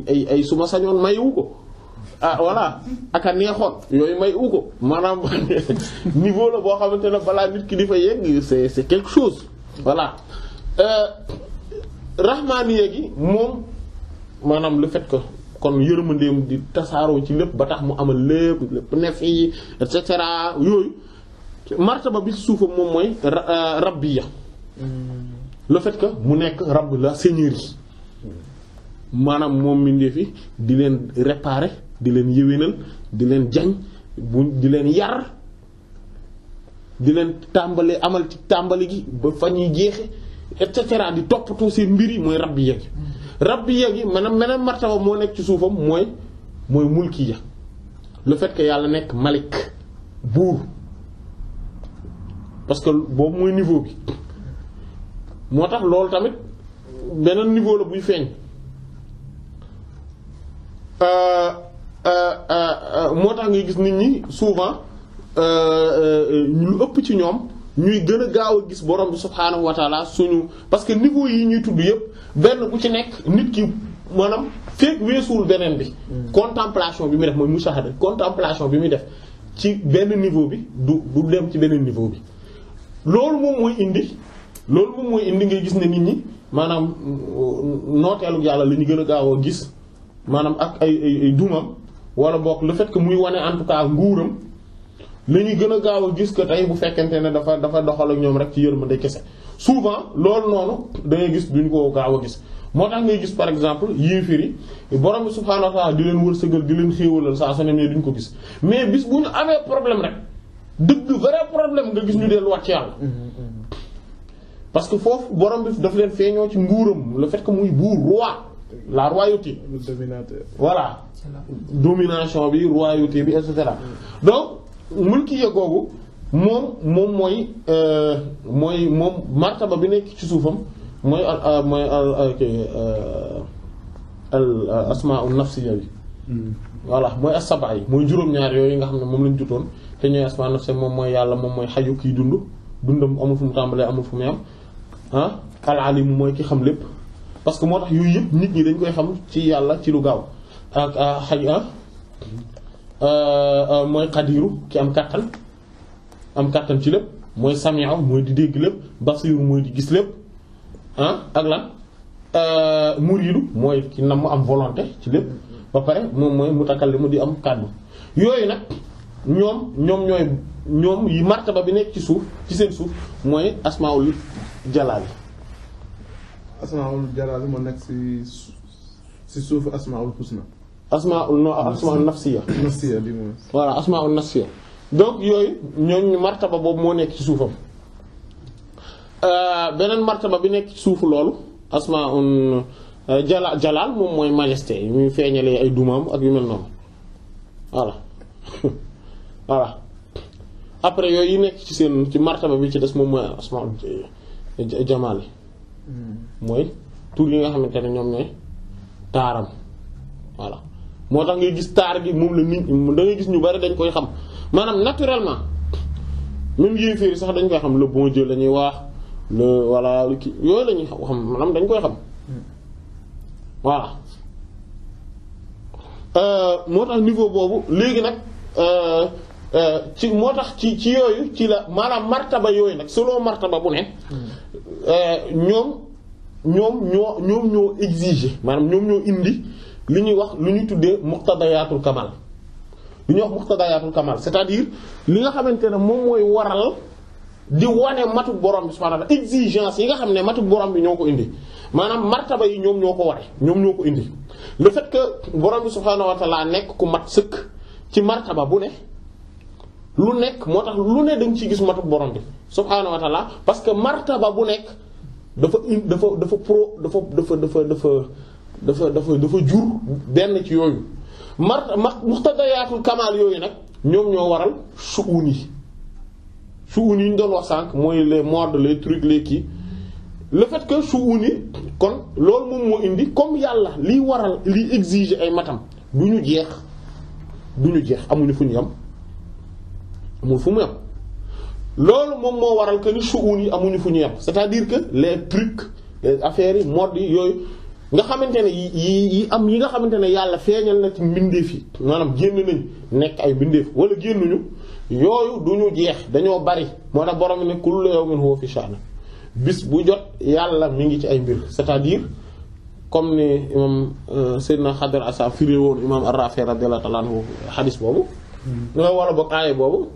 ay ay su ma sañoon mayu ko ah voilà ak a neexoon yooyu mayu ko maanaam *laughs* niveau la boo xamante ne balaa nit ki di fa yegg c'est c'est quelque chose voilà euh, rahmaaniya gi moom maanaam le fet ko kon yërmandeem di tasaaroo ci lépp ba tax mu amal lépp lépp nef yi et cetera yooyu martaba bi suufam moom mooy euh, rabbiya hmm. le fait que mu nek rabb la seigneurie manam mom minde fi di leen réparer di leen yéwénal di leen jañ di yar di leen tàmbale amal ci tàmbali gi ba fa ñuy et cetera di top seen mbir mbiri moy rabbi ya rabbi ya manam menam meneen martaba moo nekk ci moy moy mulki ya le fait que yalla nek malik bou, parce que bo moy niveau bi moo tax loolu tamit beneen niveau la buy feeñ euh, euh, euh, moo tax ngay gis nit ñi souvent lu ëpp ci ñoom ñuy gën a gaaw a gis borom bi subhaanahu wa suñu parce que niveau yi ñuy tudd yépp benn bu ci nekk nit ki maanaam feek weesuwul beneen bi hmm. contemplation bi muy def mooy mushahada contemplation bi muy def ci benn niveau bi du du dem ci beneen niveau bi loolu moom mooy indi loolu moom mooy indi ngay gis ne nit ñi maanaam euh, nooteelu yàlla la ñu gën a gaaw a gis maanaam ak ay ay dumam wala boog le fait muy wane en tout cas nguuram la ñuy gën a gaaw a gis que bu fekkente ne dafa dafa doxal ak ñoom rek ci yërmande kese souvent loolu noonu da ngay gis duñ ko gaaw a gis. moo tax ngay gis par exemple yéefiri borom bi subhaanahu wa ta'ala di leen wërsëgal di leen xéewalal saa su ne mais duñu ko gis mais bis bu ñu amee problème rek dëgg vrai nga gis ñu delluwaat ci parce que foofu borom bi daf leen feeñoo ci nguuram le fait que muy buur roi la royauté. dominateur voilà. domination bi royauté bi et cetera. donc mulkiya googu moom moom mooy euh, mooy moom ba bi nekk ci suufam mooy al euh, mooy al euh, al asmaa ul nafsiya bi. Hmm. voilà mooy asaba yi mooy juróom-ñaar yooyu nga xam ne moom lañ jutoon te ñooy asmaa nafsiya moom mooy yàlla moom mooy xayu kiy dund. dundam amul fu mu tàmbalee amul fu mu yam ah al-alimu mooy ki xam lépp parce que moo tax yooyu yëpp nit ñi dañ koy xam ci yàlla ci lu gaaw ak xaj euh, ah euh, euh, mooy xadiiru ki am kàttan am kàttan ci lépp mooy sami'a mooy di dégg lépp basiiru mooy di gis lépp ah ak lan muriidu mooy ki mu am volonté ci lépp ba pare moom mooy mutakallimu di am kàddu yooyu nag ñoom ñoom ñooy ñoom yi martaba bi nekk ci suuf ci seen suuf mooy asmaul jalaali asmaul jalaali moo nekk ci ci suufu asmaul husna asmaul no asmaul nafsiya nafsiya bi moom voilà asmaul nafsiya donc yooyu ñooñu martaba boobu moo nekk ci suufam euh, beneen martaba bi nekk ci suufu loolu asmaul euh, jala jalaal moom mooy majesté yi muy feeñalee ay dumaam ak yu mel noonu voilà *laughs* voilà après yooyu yi nekk ci seen ci martaba bi ci des moom mooy asmaul jamaal yi mooy tur yi nga xamante ne ñoom ñooy taaram voilà moo tax ngay gis taar gi moom la nit da ngay gis ñu bari dañ koy xam maanaam naturellement même yéeféer yi sax dañ koy xam le bon Dieu la ñuy wax le voilà lu kii yooyu la xam maanaam dañ koy xam voilà euh, moo tax niveau boobu léegi nag euh, euh, ci moo tax ci ci yooyu ci la maanaam martaba yooyu nag selon martaba bu ne Euh, ñoom ñoom ñoo ñoom ñoo exiger maanaam ñoom ñoo indi li ñuy wax lu ñuy tuddee muqtadayatul kamal li ñuy wax muqtadayatul kamal c'est-à-dire li nga xamante ne moom mooy waral di wane matu borom bi subhanahu wa exigence yi nga xam ne matu borom bi ñoo ko indi maanaam martaba yi ñoom ñoo ko ware ñoom ñoo ko indi le fait borom bi subhanahu wa ta'ala nekk ku mat sëkk ci martaba bu ne lu nekk moo tax lu ne da nga ciy gis matuk borom bi subhaanahu wa taala parce que martaba bu nekk dafa dafa dafa pro dafa dafa dafa dafa dafa dafa dafa jur benn ci yooyu marta muqtadayaatul kamaal yooyu nag ñoom ñoo waral suun yi suun yi ñu doon wax sànq mooy les modes les trucs les kii le fait que suun yi kon loolu moom moo indi comme yàlla liy waral liy exiger ay matam du ñu jeex du ñu jeex amuñu fu ñu yam amul fu mu yem loolu moom moo waral que ni suun yi amuñu fu ñu yem c'est-à-dire que les trucs les yi mode yi yooyu nga xamante ne yi yi am yi nga xamante ne yàlla feeñal na ci mbindeef yi maanaam génn nañ nekk ay mbindeef wala génnuñu yooyu du ñu jeex dañoo bari moo tax borom ne kullu yawmin huwa fi sha'n bis bu jot yàlla mi ngi ci ay mbir cest à comme ni imam euh, Seydina Xadar Asa firé woon imam Ar-Rafi radiyallahu ta'ala anhu xadis boobu. Hmm. wala boog boobu.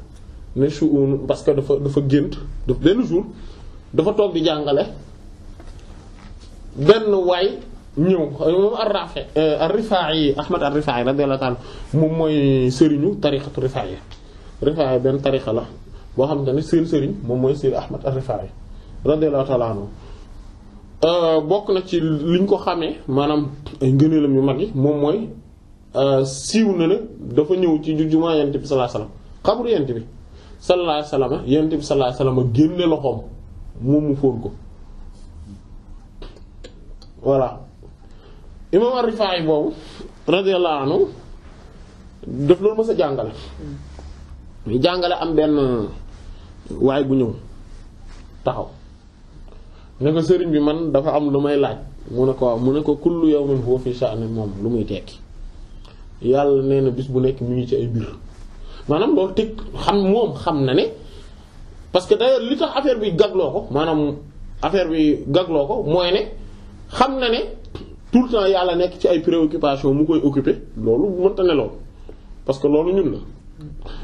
ne parce que dafa dafa gént daf benn jour dafa toog di jàngale benn waay ñëw moom ar-Rafi euh, ar-Rifa'i Ahmad ar-Rifa'i moom mooy sëriñu tariqatu Rifa'i Rifa'i benn tariqa la boo xam te ne seen sëriñ moom mooy sëriñ Ahmad ar-Rifa'i euh, bokk na ci liñ ko xamee maanaam ay ngëneelam yu mag yi moom mooy euh, siiw na ne dafa ñëw ci jumaa Yonent bi sallallahu alayhi wasallam xabru bi sallallahu alayhi wasallam yonent bi sallallahu alayhi génne loxoom moom mu fóon ko voilà imam ar-Rifaa'i boobu radiyallahu anhu def loolu ma sa jàngale jàngale am benn waay bu ñëw taxaw ne sëriñ bi man dafa am lu may laaj mu ne ko waaw mu ne ko kullu yawmin huwa fi sha'nin moom lu muy tekki yàlla nee na bis bu nekk mu ngi ci ay mbir maanaam loolu teg xam moom xam na ne parce que d'ailleurs li tax affaire bi gagloo ko maanaam affaire bi gagloo ko mooy ne xam na ne tout le temps yàlla nekk ci ay préoccupation mu koy occuper loolu mënta ne loolu parce que loolu ñun la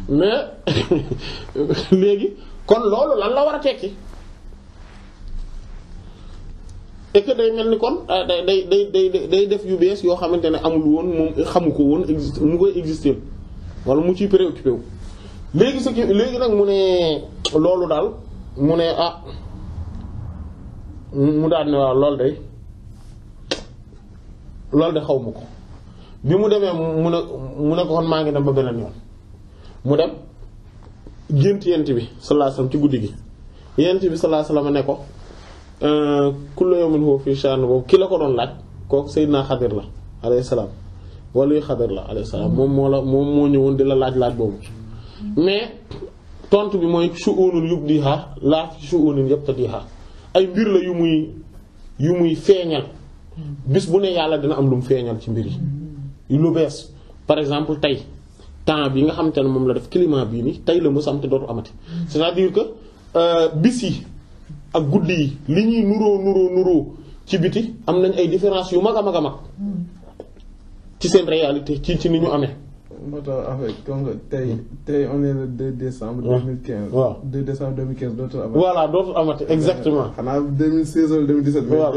mais *laughs* léegi kon loolu lan la war a tekki et day mel ni kon euh, day day day day def yu bees yoo xamante ne amul woon moom xamu ko woon existe mu koy exister wala mu ciy préoccupé wu léegi ce qui léegi nag mu ne loolu daal mu ne ah mu daal ne waaw loolu de xaw ma ko bi mu demee mu ne mu ne ko kon maa ngi dem ba beneen yoon mu dem gént yent bi sallallahu alayhi ci guddi gi yent bi sallallahu alayhi wasallam ne ko euh, kullu yawmin huwa fi sha'n boobu ki la ko doon laaj kooku Seydina Xadir la alayhi salaam wala yu xadar la alayhi salaam moom moo la moom moo ñëwoon di la laaj laaj boobu mais tontu bi mooy su shu'unun yubdiha laa shu'unun yabtadiha ay mbir la yu muy yu muy feeñal bis bu ne yàlla dina am lu mu feeñal ci mbir yi lu bees par exemple tey temps bi nga xamante ne moom la def climat bii ni tey la mu samte dootu amati c'est-à-dire que euh, bis yi ak guddi yi li ñuy nuroo nuroo nuroo ci biti am nañ ay différence yu mag a mag a mag ci sen réalité ci ci niñu amé amee. avec comme tey hmm. tey on est le 2 décembre. 2015 hmm. 2 décembre 2015 dootul amate voilà dootul amate euh, exactement. xanaa 2016 2017. voilà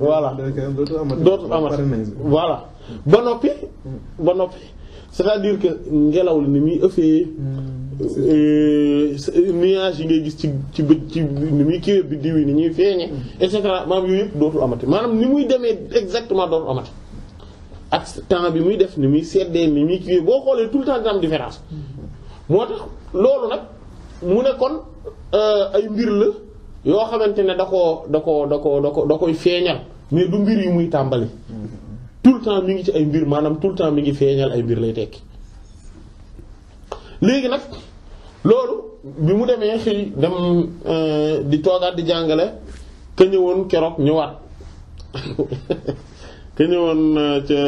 voilà 2015 dootul amati. dootul amati voilà. Hmm. bonopi bonopi c'est-à-dire que ngelaw ni mi eufé ëffee. Euh, euh, nuage yi ngay gis ci ci bë ci ni muy kiiwee biddiw yi ni ñuy feeñee. et cetera maanaam yooyu yëpp amate manam ni muy démé exactement dootul amate ak temps bi muy def ni muy seddee ni muy kiiwee boo xoolee tout le temps dina am différence moo tax loolu nag mu ne kon euh, ay mbir la yoo xamante ne da ko da ko da ko da ko da koy feeñal mais du mbir yi muy tàmbali tout le temps mu ngi ci ay mbir maanaam tout le temps mu ngi feeñal ay mbir lay tekki léegi nag loolu bi mu demee xëy dem euh, di toogaat di jàngale ka ñëwoon keroog ñëwaat *laughs* te ñëwoon uh, ca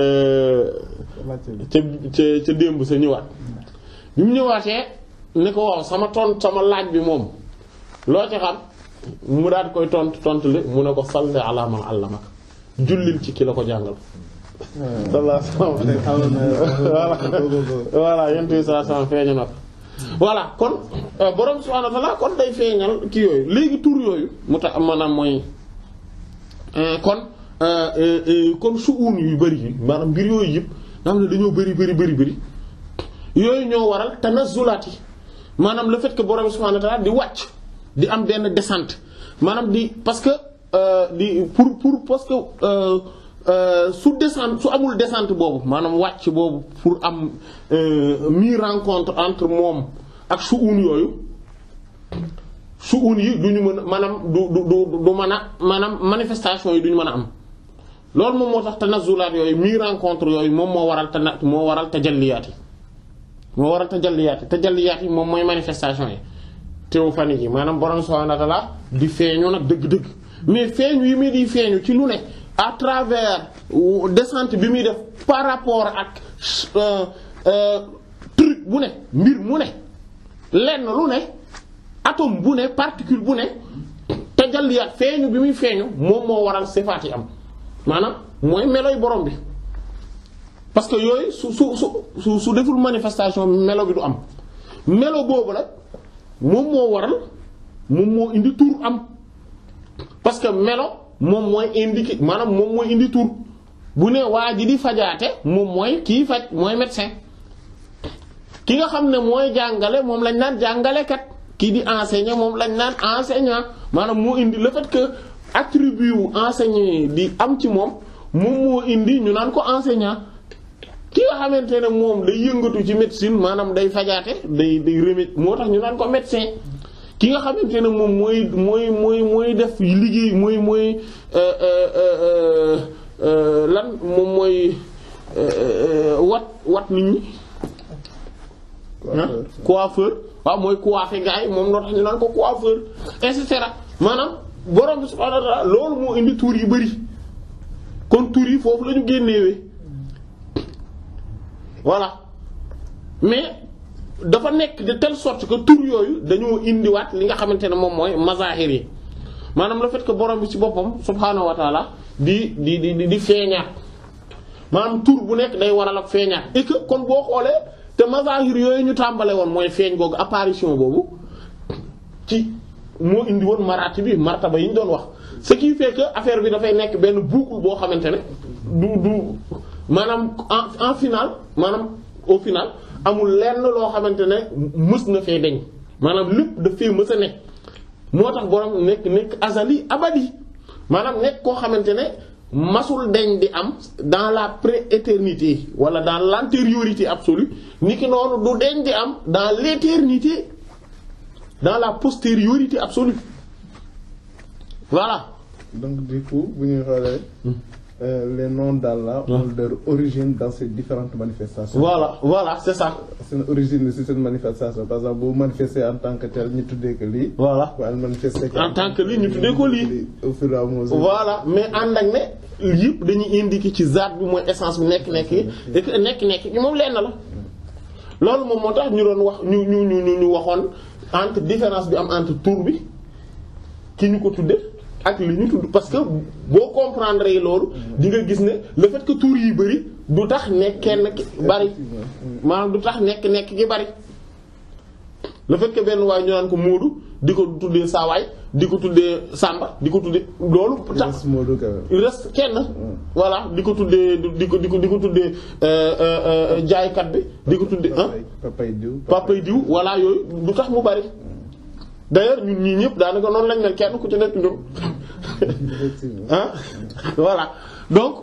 ca ca ca démb sa ñëwaat bi mu ñëwaatee ni ko waaw sama tont sama laaj bi moom loo ci xam mu daal koy tont tont li mu ne ko salli ala man allamaka jullil ci ki la ko jàngal sallallahu alayhi wa sallam *laughs* voilà yent bi sallallahu na ko voilà kon uh, borom subhanahu wa ta'ala kon day feeñal ki yooyu léegi tur yooyu mu tax maanaam mooy uh, kon Euh, euh, euh, comme kon suun yu bëri yi maanaam mbir yooyu yëpp nga xam ne dañoo bëri bëri bëri bëri yooyu ñoo waral tanazulaat yi maanaam le fait que borom subhanahu ne ta'ala di wàcc di am benn descente maanaam di parce que di pour pour parce que su descente su amul descente boobu maanaam wàcc boobu pour am mi rencontre entre moom ak suun yooyu suun yi duñu mën a maanaam du du du mën a maanaam manifestation yi duñu mën a am loolu moom moo tax tanazulaat yooyu mi rencontre yooyu moom moo waral tana moo waral tajalliyaat moo waral tajalliyaat yi tajalliyaat yi moom mooy manifestation yi théophanique yi maanaam borom subhaanahu wa ta'aala di feeñu nag dëgg-dëgg mais feeñu yi muy di feeñu ci lu ne à travers euh, descente bi muy def par rapport ak euh, euh, truc bu ne mbir mu ne lenn lu ne atome bu ne particule bu ne tajalliyaat feeñu bi muy feeñu moom moo waral sifaat yi am. maanaam mooy meloy borom bi parce que yooyu su su su su deful manifestation melo bi du am melo boobu nag moom moo waral moom moo indi tur am parce que melo moom mooy maanaam moom bu ne waa ji di fajaate moom mooy kii faj mooy médecin ki nga xam ne mooy jàngale moom lañ naan jàngalekat kii di enseigner moom lañ naan enseignant maanaam moo indi le fait attribut wu enseignant di am ci moom moom moo indi ñu naan ko enseignant ki nga xamante ne moom day yëngatu ci médecine maanaam day fajaate day day remède moo tax ñu naan ko médecin ki nga xamante ne moom mooy mooy mooy mooy def liggéey mooy mooy euh, euh, euh, lan moom mooy wat wat nit ñi ah coiffeur waaw mooy coiffé gars yi moom noo tax ñu naan ko coiffeur et cetera maanaam borom bi subhaanahu wa loolu moo indi tuur yu bëri kon tuur yi foofu la ñu génnewee voilà mais dafa nekk de telle sorte que tur yooyu dañoo indiwaat li nga xamante ne moom mooy mazahir yi maanaam le fait que borom bi ci boppam subhaanahu wa taala di di di di feeñaat maanaam tur bu nekk day waral ak feeñaat et que kon boo xoolee te mazahir yooyu ñu tàmbale woon mooy feeñ googu apparition boobu ci moo indi woon maraati bi martaba yi ñu doon wax ce qui fait que bi dafay nekk benn boucle boo xamante ne du du maanaam en en maanaam au final amul lenn loo xamante ne mës na fee deñ maanaam lépp daf fee mës a nekk moo tax borom nekk nekk azali abadi maanaam nekk koo xamante ne masul deñ di am dans la prééternité wala dans l'antériorité absolue ni ki noonu du deñ di am dans l'éternité dans la postériorité absolue voilà. donc du coup vous hmm. euh, les noms d'Allah ah. leur origine dans ces différentes manifestations. Voilà, voilà, c'est ça. une origine de cette manifestation par exemple vous manifester en tant que tel ni tout que voilà manifester en tant que lui, nous tuddee au fur et à mesure. voilà mais en ak dañuy indiquer ci bi essence nekk-nekk nekk-nekk hmm. la. lolou mom motax ñu doon wax ñu ñu ñu ñu entre différence bi am entre tur bi ki ñu ko tudde ak li ñu tudd parce que boo comprendre yi loolu di nga gis ne le ko que tur yi bëri du tax nekk kenn ki bëri maanaam du tax nekk nekk gi bari le fait que benn waay ñu naan ko Moodu di ko tuddee saawaay di ko tuddee sàmba di ko tuddee loolu. tax il kenn. Mm. voilà di ko tuddee di ko di ko di ko tuddee euh, euh, euh, jaaykat bi. di ko tuddee ah papay diw. papay diw voilà yooyu du tax mu bari. Mm. d'ailleurs ñun ñii ñëpp daanaka noonu lañ mel kenn ku ci nekk ñoom ah *laughs* voilà donc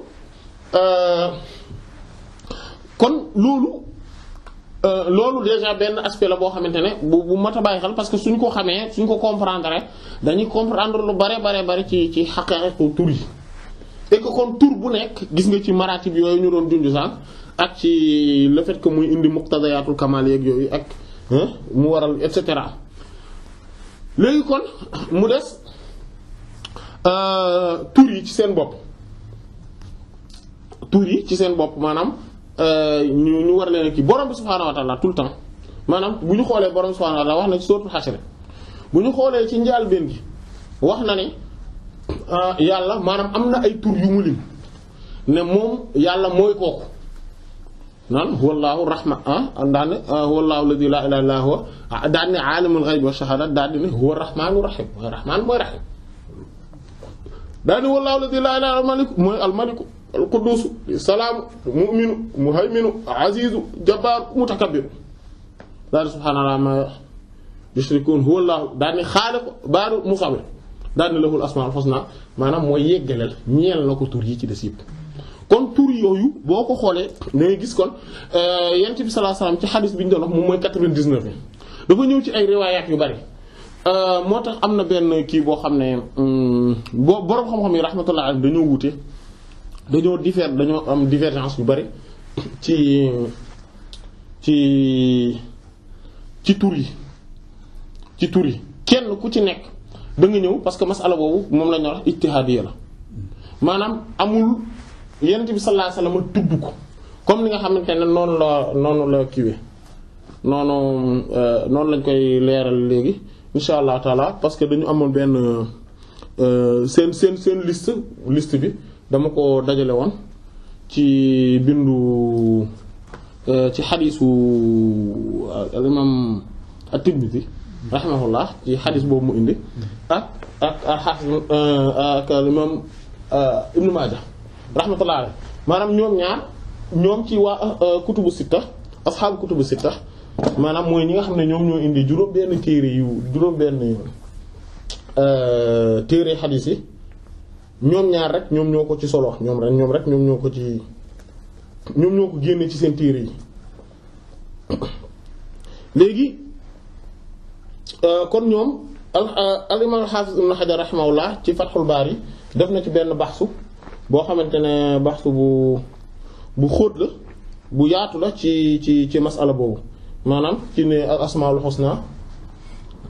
kon loolu. Euh, loolu déjà benn aspect la boo xamante ne bu bu mat a bàyyi xel parce que suñ ko xamee suñ ko comprendre dañuy comprendre lu bare bare bare ci ci xaqeeku tur yi et que kon tur bu nekk gis nga ci maratib yooyu ñu doon junj sànq ak ci le fait que muy indi muqtadayatul kamal yeeg yooyu ak mu waral et cetera léegi kon mu des euh, tur yi ci seen bopp tur yi ci seen bopp maanaam. ñu ñu war leen a kii borom bi subhaanahu wa taala tout le temps maanaam bu ñu xoolee borom subhaanahu wa taala wax na ci sóortu xashr bu ñu xoolee ci njëlbéen gi wax na ne yàlla maanaam am na ay tur yu mu lim ne moom yàlla mooy kooku naan wallaahu rahma ah daan ne wallaahu alladi laa ilaaha illaa huwa daan ne aalimul ghaybi wa shahaada daan ne huwa rahmaanu rahim rahmaan mooy rahim daan ne wallaahu alladi laa ilaaha illaa huwa mooy almaliku alqudduusu salaamu mu'minu muhayminu azizu jabbaaru mutakabbiru daal subhaana allah ma yushrikuun huwa allah daal ni xaaliqu baaru musamir daal ni lahul asmaul husna maanaam mooy yeggaleel ñeel na ko tur yi ci des yëpp kon tur yooyu boo ko xoolee da ngay gis kon yonent bi sallallahu alayhi wasallam ci xadis bi ñu wax 99 dafa ñëw ci ay riwaayaat yu bari moo tax am na benn kii boo xam borom xam-xam yi rahmatullah dañoo wute Nous difer une am divergence yu bari ci ci ci tour yi ci tour yi kenn ku ci nek da nga parce que masala boobu mom la ñu wax la amul yenenbi sallalahu alayhi wasallam ko comme ni nga xamantene non la non la non non non lañ koy leral legi inshallah taala parce que dañu ben euh liste liste bi dama ko dajale woon ci bindu euh, ci xadisu euh, al imam at-Tirmidhi rahimahullah ci xadis boobu mu indi ak ak ak euh, al imam ibnu Maaja rahmatullah alayhi maanaam ñoom ñaar ñoom ci waa kutubu sitta asxaabu kutubu sitta maanaam mooy ñi nga xam ne ñoom ñoo indi juróom benn téere yu juróom benn téere xadis yi ñom ñaar rek ñom ñoko ci solo ñom rek ñom rek ñom ñoko ci ñom ñoko ko ci sen yi *coughs* euh, kon ñom al euh, imam al-Hafiz ibn Hajar rahimahullah ci Fathul Bari def na ci benn baxsu bo xamantene bu bu xoot la bu yaatu la ci ci ci masala bobu manam ci ne al asmaul husna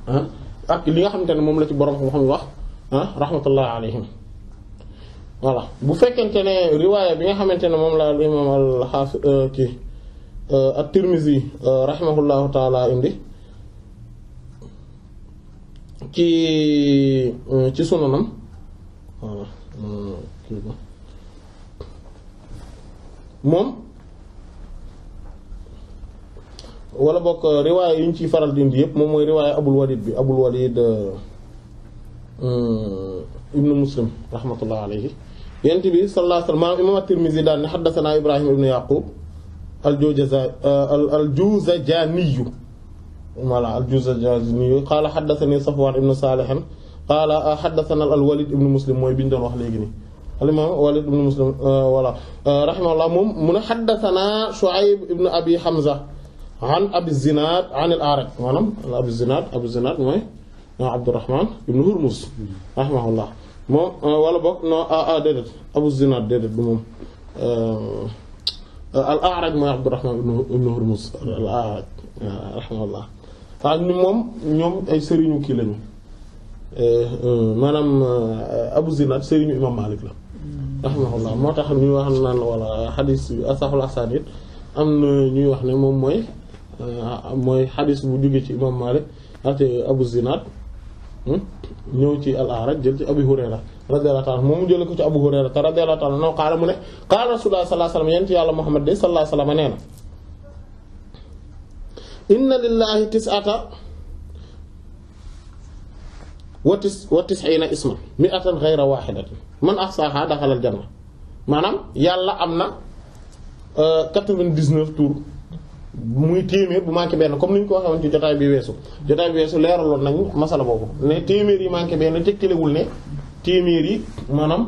ah, ak li nga xamantene mom la ci borom xam wax han ah, rahmatullah alayhim voilà bu fekkente ne riwaaya bi nga xamante ne moom la al imaam al xaafi euh, kii euh, at-Tirmizi euh, rahimahullahu taala indi ci ci sunanam voilà moom wala bokk riwaaya yi ñu ciy faral di indi yëpp moom mooy riwaaya Abul Walid bi Abul Walid ibnu Muslim rahmatullah alayhi yent bi sallallahu alayhi wa sallam maanaam imam at-Tirmidhi daan ne haddathana Ibrahim ibn Yaqub al-Juzajaniyu voilà al-Juzajaniyu qaala haddathani Safwan ibn Salih qaala haddathana al-Walid ibn Muslim mooy bi ñu doon wax léegi nii al-imam Walid ibn Muslim voilà rahimahullah moom mu ne haddathana Shu'ayb ibn Abi Hamza an Abi Zinad an al-A'raj maanaam Abi Zinad Abi Zinad mooy Abdurrahman ibn Hurmuz rahimahullah moom wala bok no a a déedéet Abu Zinaad déedéet du moom al-A'raj mooy Abdurrahman ibn Hurmuz al-A'raj rahimahullah ah ni moom ñoom ay sëriñu kii lañu maanaam Abu Zinaad sëriñu imaam Maalik la. rahimahullah moo tax wax naan wala xadis bi asaxul am na ñuy wax ne mom moy moy hadith bu jóge ci imam malik ate Abu Zinaad. ñëw ci al A'raj jël ci Abu Hurayra radiyallahu anhu mom jël ko ci Abu Hurayra ta radiyallahu anhu no qaala mu ne qala Rasulullah sallallahu alayhi wasallam yent yàlla Muhammad de sallallahu alayhi wasallam nee inna lillahi tis'ata wa tis'ina isma mi'atan ghayra wahidatin man ahsaha dakhala al janna manam yàlla amna 99 quatre tours muy téeméer bu manqué benn comme ni ñu ko waxee woon ci jotaay bi weesu jotaay bi weesu leeraloon nañu masala boobu ne téeméer yi manqué benn tegtalewul ne téeméer yi maanaam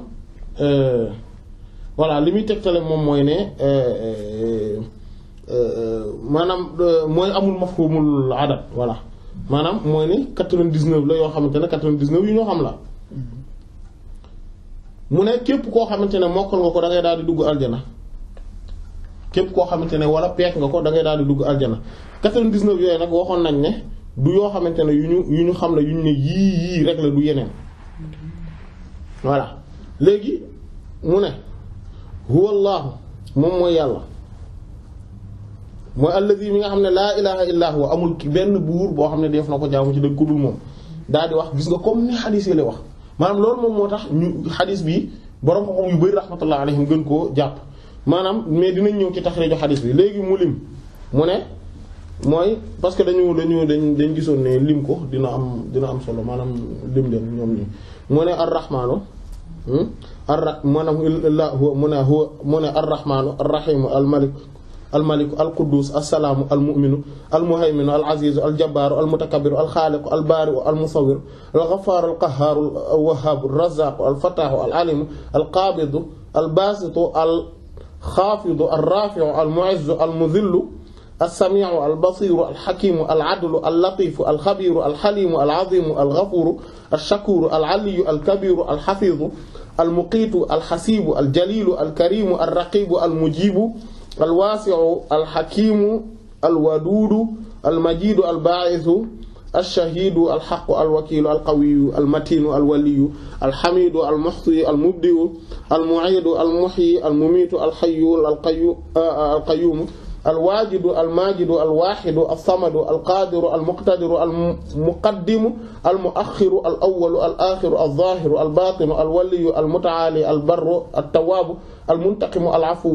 euh, voilà li muy tegtale moom mooy ne euh, euh, maanaam mooy amul mafhumul adat voilà maanaam mooy ne 99 la yoo xamante ne 99 yu ñoo xam la mu ne képp koo xamante ne mokkal nga ko da daal di dugg aljana képp koo xamante ne wala peex nga ko da ngay daal di dugg aljana 99 yooyu nag waxoon nañ ne du yoo xamante ne yu ñu yu xam la yu ñu ne yii yii rek la du yeneen voilà léegi mu ne huwallaahu moom mooy yàlla mooy allazi mi nga xam ne laa ilaha illa huwa amul benn buur boo xam ne def na ko jaamu ci dëgg ku dul moom daal di wax gis nga comme ni xadis yi wax maanaam loolu moom moo tax ñu xadis bi borom xam-xam yu bari rahmatullah alayhim gën koo jàpp manam me dinañ ñëw ci taxriiju hadith bi legi mu lim mu ne moy parce que dañu dañu dañu gissone ne lim ko dina am dina am solo manam lim len ñom ñi mu ne arrahmaanu arra maanaam la huwa mu ne huwa mu ne arrahmaanu arrahiimu almalik almaliku alquddus assalaamu almuminu almuhayminu alazizu aljabbaaru almutakabiru alxaaliqu albaariu almusawiru alxafaaru alqahaaru alwahaabu alrazaqu alfataaxu alalimu alqaabidu albasitu al الخافض الرافع المعز المذل السميع البصير الحكيم العدل اللطيف الخبير الحليم العظيم الغفور الشكور العلي الكبير الحفيظ المقيت الحسيب الجليل الكريم الرقيب المجيب الواسع الحكيم الودود المجيد الباعث الشهيد الحق الوكيل القوي المتين الولي الحميد المحصي المبدع المعيد المحي المميت الحي آه، آه، القيوم الواجد الماجد الواحد الصمد القادر المقتدر المقدم المؤخر الأول الآخر الظاهر الباطن الولي المتعالي البر التواب المنتقم العفو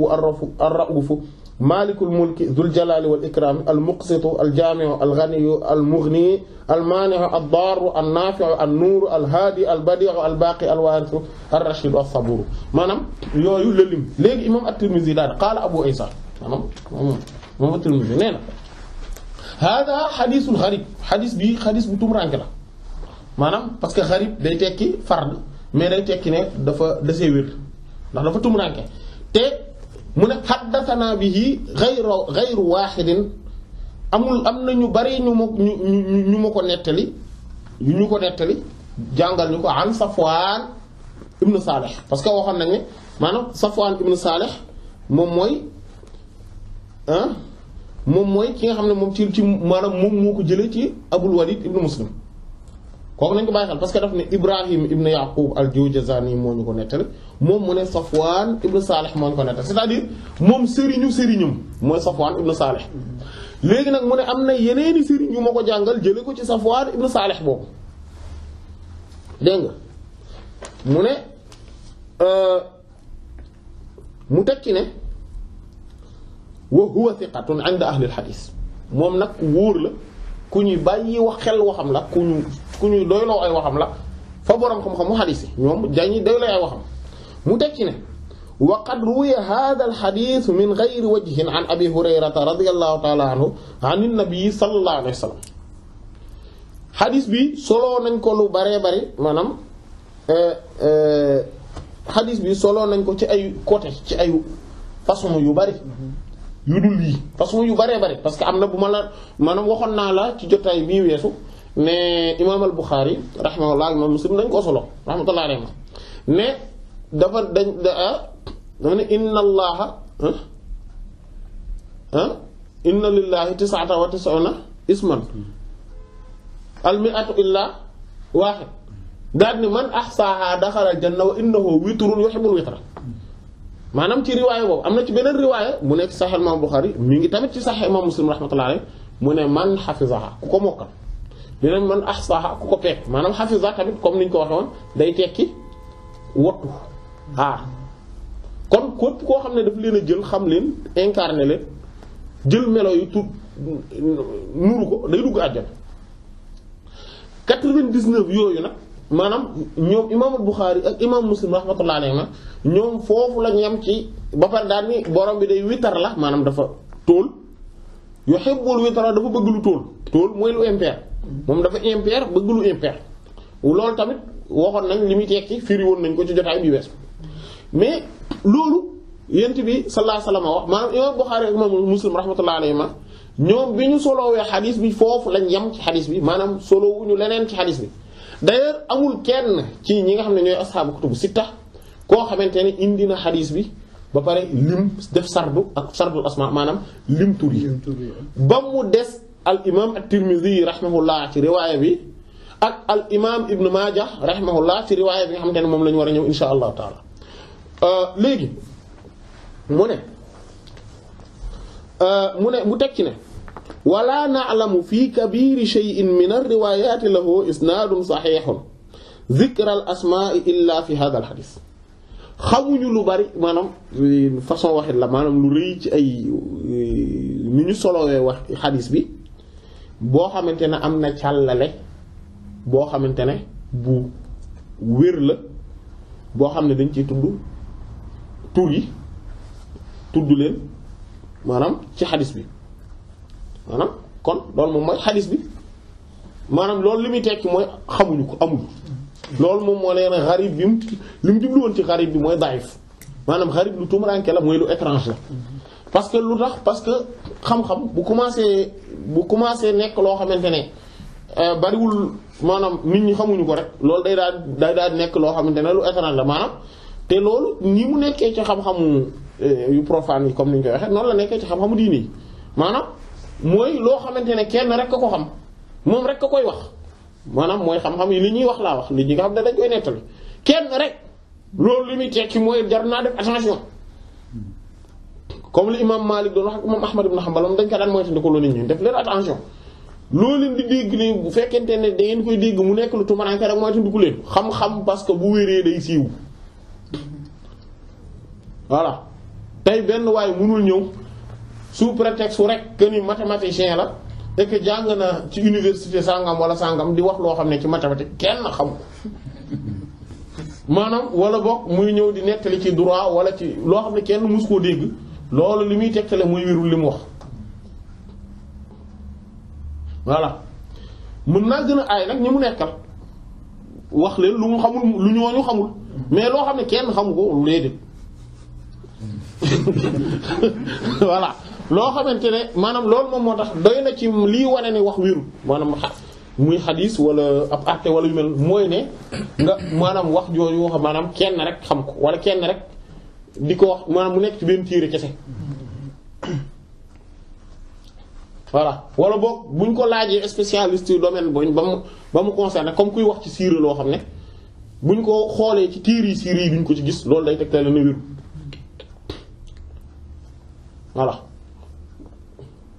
الرؤوف مالك الملك ذو الجلال والإكرام المقصط الجامع الغني المغني المانع الضار النافع النور الهادي البديع الباقي الوارث الرشيد الصبور ما نم يو للم ليك إمام الترمذي دار قال أبو عيسى نعم مم الترمذي نعم هذا حديث غريب حديث بي حديث بتم رانكلا ما نم بس كغريب ديتكي فرد مي ديتكي نه دفا دسي وير ndax dafa tumuranke te mu ne xaddasanaa bihi xayru xayru waaxidin amul am na ñu bari ñu ma ñu ñu ñu ma ko nettali yu ñu ko nettali jàngal ñu ko an Safwaan ibnu Saalih parce que waxoon nañ ne maanaam Safwaan ibnu Saalih moom mooy ah, moom mooy ki nga xam ne moom ci ci maanaam moom moo ko jëlee ci Abul Walid ibnu Muslim kooku nañ ko bàyyi xel parce que daf ne Ibrahim ibn Yaqub al-Jawzani moo ñu ko nettali moom mu ne Safwan ibn Salih moo ñu ko moom sëriñu sëriñum mooy Safwan ibn Salih léegi nag mu ne am na yeneeni sëriñ ma ko jàngal jële ko ci Safwan ibn Salih boobu dégg mu ne euh, mu tekki ne wa huwa thiqatun 'inda ahli al moom nag wóor la ku ñuy bàyyi wax xel waxam la ku ñu ku ñuy doyloo ay waxam la fa borom xam-xamu xadiis yi ñoom dañuy doyloo ay waxam mu teg ci ne wa qad ruwiya haadha al-hadiis min ghayri wajhin an abi hurayrata radiyallahu ta'ala anhu an nabi sallallahu alayhi wa xadiis bi soloo nañ ko lu baree bari maanaam eh, eh, xadiis bi soloo nañ ko ci ay côté ci ay façon yu bari yu dul yi façon yu baree bari parce que am na bu ma la maanaam waxoon naa la ci jotaay bii weesu ne imaam al Buxaari rahimahullah imaam Muslim dañ ko solo rahmatullahi alayhi ne dafa dañ da ah, dama ne inna allaha inna lillahi tis'ata wa tis'una isman al mi'atu illa waaxid daal ni man ahsaaha daxala janna wa innahu witrun yuhibbul witra maanaam ci riwaaya boobu am na ci beneen riwaaya mu nekk Sahih imaam Buxaari mi ngi tamit ci Sahih imaam Muslim rahmatullahi alayhi mu ne man hafizaha ku ko mokkal dinañ mën ahsaha ku ko peeg maanaam hafiza tamit comme niñ ko waxee day tekki wattu aar ah. kon képp koo xam ne daf leen a jël xam leen incarné leen jël melo yu tuut nuru ko day dugg àjjana 99 yooyu nag maanaam ñoom imaamul Buxaari ak imaam Muslim rahmatullahi alayhi ñoom foofu la ñam ci ba pare ni borom bi day witar la maanaam dafa tóol yuhibbul witra dafa bëgg lu tóol tóol mooy lu impair moom dafa impair bëgg lu impair loolu tamit waxoon nañ li muy tekki firi woon nañ ko ci jotaay bi wees mais loolu yent bi sallallahu alayhi wasallam wax maanaam imam Bukhari ak imam Muslim rahmatullahi alayhi ma ñoom bi ñu solowee xadis bi foofu lañ yem ci xadis bi maanaam solowuñu leneen ci xadis bi d'ailleurs amul kenn ci ñi nga xam ne ñooy asxaabu kutubu sitta koo xamante ne indi na xadis bi ba pare lim def sardu ak sardul asma maanaam lim tur yi ba al imam at-Tirmidhi rahimahullah ci riwaya bi ak al imam Ibn majah rahimahullah ci riwaya bi nga xamante ne moom la ñëw inshallah allahu taala léegi mu ne mu ne mu tek ci ne wala na'lamu fi kabir shay'in min ar riwayat lahu isnadun sahihun dhikra al-asma'i illa fi hadha al-hadith xamuñu lu bari manam façon waxit la manam lu reuy ci ay ni solo wax hadith bi boo xamante ne am na càllale boo xamante ne bu wér la boo xam ne dañ ciy tudd tur yi tudd leen maanaam ci xadis bi maanaam kon loolu moom mooy xadis bi maanaam loolu li muy tekki mooy xamuñu ko amul loolu moom moo leen xarib bi mu li mu jubluwoon ci xarib bi mooy daif maanaam xarib lu tumuraanke la mooy lu étrange la mm-hmm. parce lu tax parce xam-xam bu commencé bu commencé nekk loo xamante ne euh, bariwul maanaam nit ñi xamuñu ko rek loolu day daal day daal nekk loo xamante ne lu étrange la maanaam te loolu ni mu nekkee ci xam-xamu euh, yu profane yi comme ni ñu koy waxee noonu la nekkee ci xam-xamu diini maanaam mooy loo xamante ne kenn rek a ko xam moom rek a koy wax maanaam mooy xam-xam yi li ñuy wax laa wax li ñi nga xam ne dañ koy nettali kenn rek loolu li muy tekki mooy jar naa def attention. comme li imam Malik doon wax ak imam Ahmad ibn Hanbal dañ ko daan moytandiku loolu nit ñi def leen attention loolu leen di dégg ni bu fekkente ne da ngeen koy dégg mu nekk lu tumaranke rek moytandiku leen xam-xam parce que bu wéree day siiw voilà tey benn waaye mënul ñëw su sous prétexte rek que ni mathématicien la et que jàng na ci université sangam wala sàngam di wax loo xam ne ci mathématique kenn xam maanaam walla bokk muy ñëw di nettali ci droit wala ci loo xam ne kenn mus koo dégg loolu li muy tegtale muy wérul li mu wax voilà mën naa gën a aay nag ñi mu nekkal wax leen lu mu xamul lu ñooñu xamul mais loo xam ne kenn xamu ko léegi *laughs* voilà loo xamante ne maanaam loolu moom moo tax doy na ci lii wane ne wax wérul maanaam muy xadis wala ab àtte wala yu mel mooy ne nga maanaam wax jooju wax maanaam kenn rek xam ko wala kenn rek di ko wax maanaam mu nekk ci benn téere kese voilà wala boog buñ ko laajee spécialiste yu domaine boñ ba mu ba mu concerné comme kuy wax ci siira loo xam ne buñ ko xoolee ci téere yi siira yi duñ ko ci gis loolu day tegtale na wéru voilà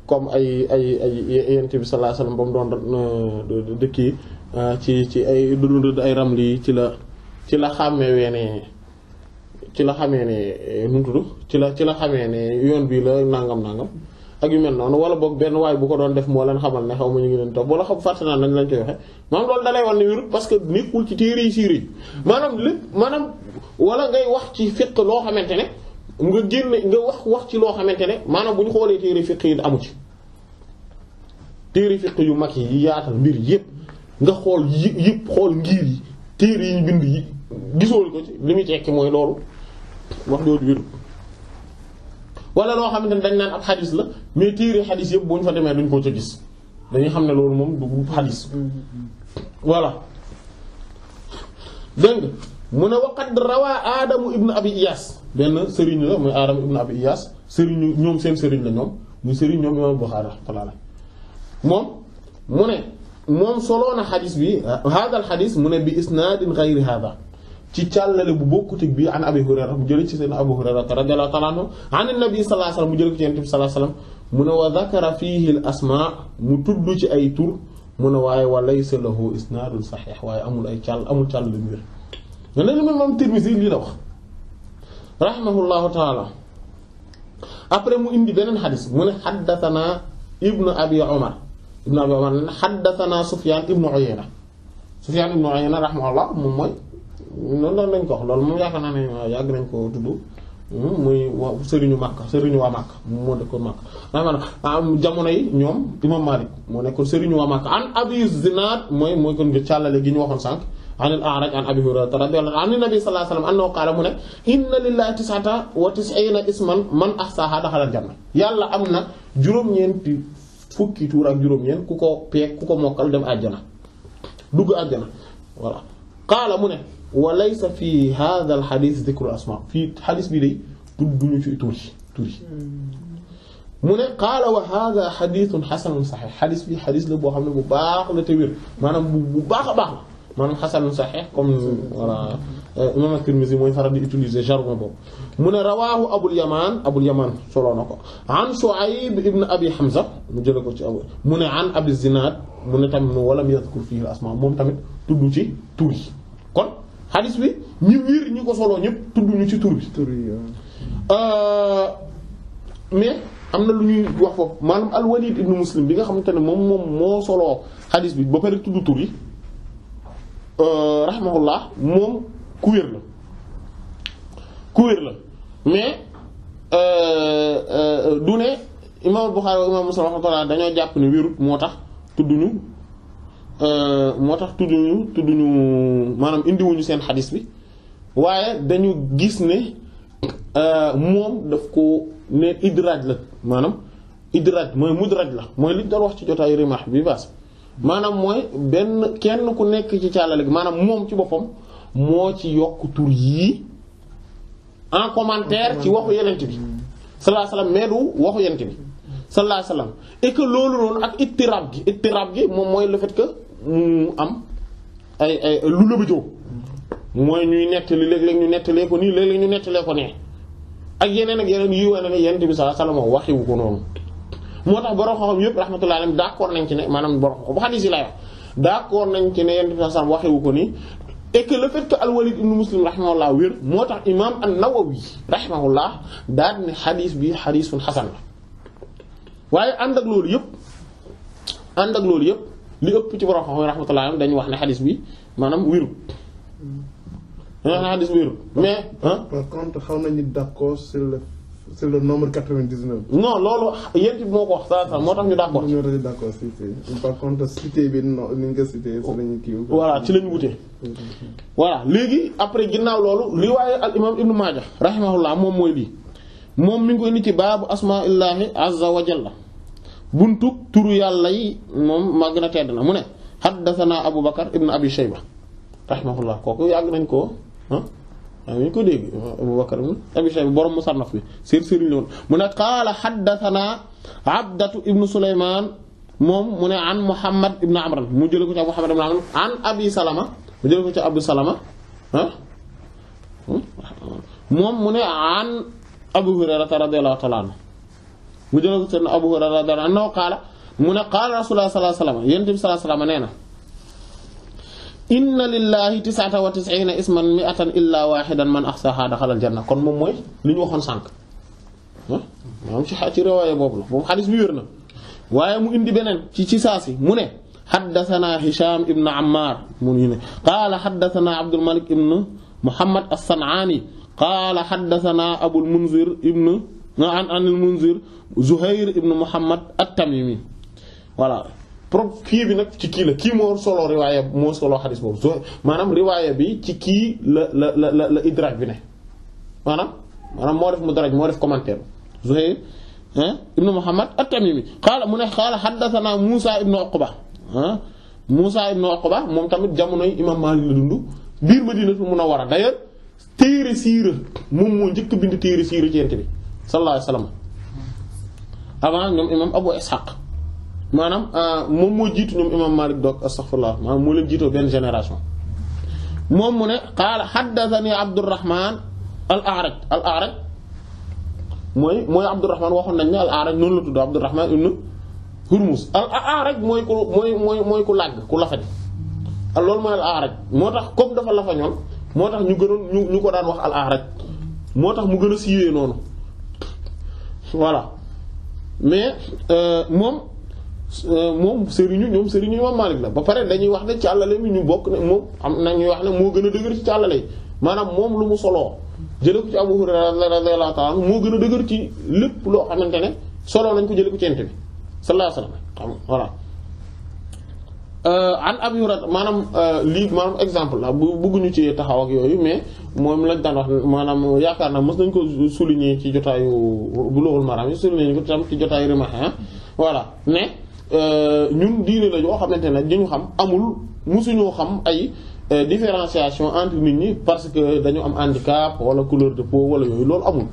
comme ay ay ay yent bi sallallahu ba mu doon euh, dëkki euh, ci ci ay dund ay ramli ci la ci la xàmmee weene ci la xamee ne eh, nu mu tudd ci la ci la xamee ne yoon bii la nangam nangam ak yu mel noonu wala boog benn waay bu ko doon def moo leen xamal ne xaw ma ñu ngi leen topp wala xam fàtte naa nañ lañ parce que nekkul ci téere yi yi maanaam lépp maanaam wala ngay wax ci fiq loo xamante ne nga génne nga wax wax ci loo xamante ne maanaam bu ñu xoolee téere fiq yi amu ci téere fiq yu mag yi yaatal mbir yépp nga xool yëpp xool ngir yi téere yi bind yi gisoo ko ci li muy tekki mooy loolu wax jooju wérul wala loo xamante ne dañ naan ab xadis la mais téere xadis yëpp boo ñu fa demee duñ ko ca gis dañuy xam ne loolu moom du xadis voilà dégg nga mu ne waqad rawaa Adamu ibn Abi Iyas benn sëriñ la muy Adamu ibn Abi Iyas sëriñu ñoom seen sëriñ la ñoom muy sëriñ ñoom imam Bukhari rahmatullah moom mu ne moom soloon na xadis bi hadal xadis mu ne bi isnaadin ghayri hada ci cyallale bu bokut bi an abi hurayra mu jeul ci sayna abu hurayra radhiyallahu ta'ala anhu an nabi sallallahu alayhi wasallam mu jeul ko ci yonent sallallahu alayhi wasallam mu wa zakara fihi al asma mu tuddu ci ay tur mu ne waaye wa laysa lahu isnaadun sahih waaye amul ay càll amul càll lu wér nga ne limam mam Tirmidhi la wax rahimahullahu ta'ala après mu indi benen hadith mu ne xaddathana ibnu abi umar ibnu abi umar hadathana sufyan ibnu uyayna sufyan ibnu uyayna rahmahu allah mom moy noonu noonu lañ ko wax loolu moom yaakaar naa nañ ko tudd hmm, muy sëriñu Màkk sëriñu waa Màkk moo nekkoon Màkk maanaam ah, jamono yi ñoom imam Malik moo nekkoon sëriñu waa Màkk an Abi mooy mooy kon gi ñu waxoon sànq anil A'raj an Abi Hurayra radiyallahu anhu nabi sallallahu alayhi man ahsaahaa daxalal yàlla am na juróom-ñeenti fukki tuur ak juróom-ñeent ku ko peeg ku ko mokkal dem àjjana dugg àjjana voilà qaala mu وليس في هذا الحديث ذكر الاسماء في حديث بي دونو في توري توري من قال وهذا حديث حسن صحيح حديث في حديث لو خامل بو باخ لا تير مانام بو باخ باخ مانام حسن صحيح كوم ولا إيه، امام الترمذي موي فار دي يوتيليزي جارو بو من رواه ابو اليمان ابو اليمان صلو نكو عن شعيب ابن ابي حمزه مجلكو تي ابو من عن ابي الزناد من تام ولم يذكر فيه الاسماء موم تام تودو تي توري كون xadis bi ñi wiir ñi ko soloo ñëpp tudd ñu ci tur bi. Euh, mais am na lu ñuy wax foofu maanaam al-Walid Muslim bi nga xamante ne moom moom moo soloo xadis bi ba pare tudd tur yi euh, rahimahullah moom ku la ku la mais euh, du ne imaam Bukhari wa imaam Muslim rahmatullah dañoo jàpp ni wérut moo tax tudd ñu. Euh, moo tax tudduñu tudduñu maanaam indiwuñu seen xadis bi waaye dañu gis ne euh, moom daf ko ne idraaj la maanaam idraaj mooy mudraj la mooy li dal wax ci jotaayu rimaax bi baas maanaam mooy benn kenn ku nekk ci caalale gi maanaam moom ci boppam moo ci yokk tur yii en commentaire ci waxu yenent bi sallallahu alayhi wasallam waxu yenent bi sallallahu alayhi wasallam loolu noonu ak ittiraab gi ittiraab gi moom mooy le fait que mu am ay ay lu lëbëjoo mooy ñuy nettali léeg-léeg ñu nettalee ko nii léeg-léeg ñu nettalee ko nee ak yeneen ak yeneen yi wane ne yonent bi sallallahu alayhi wasallam waxiwu ko noonu moo tax borom xam-xam yëpp rahmatullahi alayhim d'accord nañ ci ne maanaam borom xam-xam xadiis yi lay nañ ci ne yonent bi sallallahu ko nii et que le fait que al-Walid ibn Muslim rahimahullah wér moo tax imam an-Nawawi rahimahullah daal ne xadiis bi xadiisun xasan la waaye ànd ak loolu yëpp ànd ak loolu yëpp li ëpp ci borom xam-xam rahmatullahi am dañu wax ne xadis bi maanaam wérut hmm. dañu wax ne xadis bi wérut mais par contre xaw nañu d'accord sur le sur le nombre 99. non loolu yéen bi moo ko wax saa saa moo tax ñu d'accord ñoo tax ñu d'accord cité par contre cité voilà ci lañu wute voilà léegi après ginnaaw loolu li waaye al imam ibnu Maaja rahimahullah moom mooy lii moom mi ngi ko indi ci baabu asmaillahi azza wa jalla buntu turu yàlla yi moom màgg na tedd na mu ne xaddasanaa abu bakar ibn abi shayba kooku yàgg nañ ko waaw ñu ko dégg Abu Bakar ibn Abi Shayba borom musannaf bi sër sëriñ mu ne qaala xaddathana Abdatu ibnu Suleymaan moom mu ne an Muhammad ibnu Amran mu jële ko ci Muhammad ibnu Amran mu jële ko ci Abu Salama ah hmm, moom mu ne an Abu Hurayrata radiyallahu ta'ala bu jëlee ko Seydina Abu Hurayra radiyallahu anhu qaala mu ne qaala Rasulullah sallallahu alayhi wa sallam yonent bi sallallahu alayhi wa sallam nee na inna lillahi tis'ata wa tis'ina isman mi'atan illa wahidan man ahsaha daxalal janna kon moom mooy li ñu waxoon sànq maanaam ci ci riwaaya boobu la moom xadis bi wér na waaye mu indi beneen ci ci saasi mu ne xaddasanaa Hisham ibn Ammar mu ne qaala xaddasanaa Abdul Malik ibn Muhammad as-San'ani qaala xaddasanaa Abul Munzir ibn عن عن المنذر زهير ibn Muhammad at-Tamimi voilà pro kii bi nag ci kii la kii moo solo riwaaya moo solo xadis boobu su maanaam riwaaya bi ci kii la la la la la idraaj bi ne maanaam maanaam moo def mu daraj moo def commentaire Zuhayr ibn Muhammad at-Tamimi qaala mu ne qaala haddathana Muusa ibn Uqba ah Muusa ibn Uqba moom tamit jamonoy imaam Maalik la dund biir Madinatu Munawwara d'ailleurs téere siira moom moo njëkk bind téere siira ci yent bi sallallahu alayhi wa sallam avant ñom imam Abu Ishaq manam mom mo jitu ñom imam Malik dok astaghfirullah manam mo leen jitu ben génération mom mu ne qala hadathani Abdurrahman al-A'raj al-A'raj moy moy Abdurrahman waxon nañ ne al-A'raj non la tuddu Abdurrahman ibn hurmus al-A'raj moy ko moy moy moy ko lag ku lafa di lool moy al-A'raj motax comme dafa lafa moo motax ñu gënon ñu ko daan wax al-A'raj motax mu gëna siwe siiwee voilà mais euh, moom euh, moom sëriñu ñoom sëriñu Imaam Maalik la ba pare dañuy wax ne càllale mi ñu bokk ne moom am nañuy wax ne moo gën a dëgër ci càllale maanaam moom lu mu soloo jële ko ci Abu Hurayra radiyallahu ta'ala moo gën a dëgër ci lépp loo xamante ne soloo nañ ko jële ko ci Yonent bi sallallahu alayhi wasallam xam voilà Euh, an Abi Hurayra maanaam euh, lii maanaam exemple la bu bëgguñu ci taxaw ak yooyu mais moom lañ daan wax maanaam yaakaar naa mos nañ ko souligner ci jotaayu Bulughul Maram yi souligner ko tam ci jotaayu Rimah voilà mais euh, ñun diine la yoo xamante ne ñu xam amul musuñoo xam ay différenciation entre nit ñi parce que dañu am handicap wala couleur de peau wala yooyu loolu amul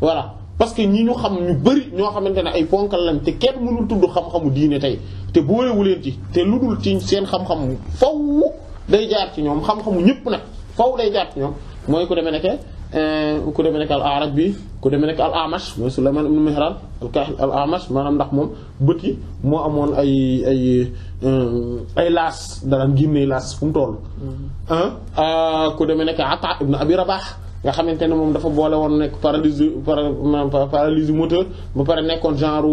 voilà parce que ñi ñu xam ñu bari ñoo xamante ne ay ponkal lañ te kenn mënul tudd xam-xamu tey te boolewu leen ci te lu dul ci seen xam-xam faw day jaar ci ñoom xam-xamu ñëpp nag faw day jaar ci ñoom mooy ku demee nekke eh, ku demee nekk al araj bi ku demee nekk al amash mooy Sulaymaan ibn Mihraan al amash maanaam ndax moom bët yi moo amoon ay ay eh, ay laas daan génnee laas fu mu toll mm-hmm. ah, ah, ku demee nekk Ataa ibn Abi Rabaah nga xamantene mom dafa boole woon nekk paralysie paralysie moteur ba paré nekkoon genre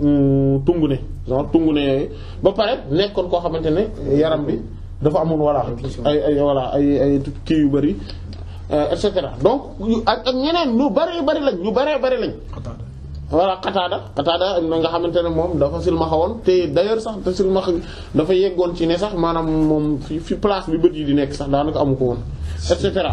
mm, tungu ne genre tungune ba paré nekkoon ko xamantene yaram bi dafa amone wala ay ay wala ay ay kii yu bëri euh, et cetera donc ak ñeneen ñu bari bari lañ ñu bari bëri lañ voilà qatada xataada nga xamantene mom moom dafa silmaxa woon te d'ailleurs sax te silmaxa dafa yeggoon ci ne sax manam mom fi place bi bët di nekk sax daanaka amu ko woon et cetera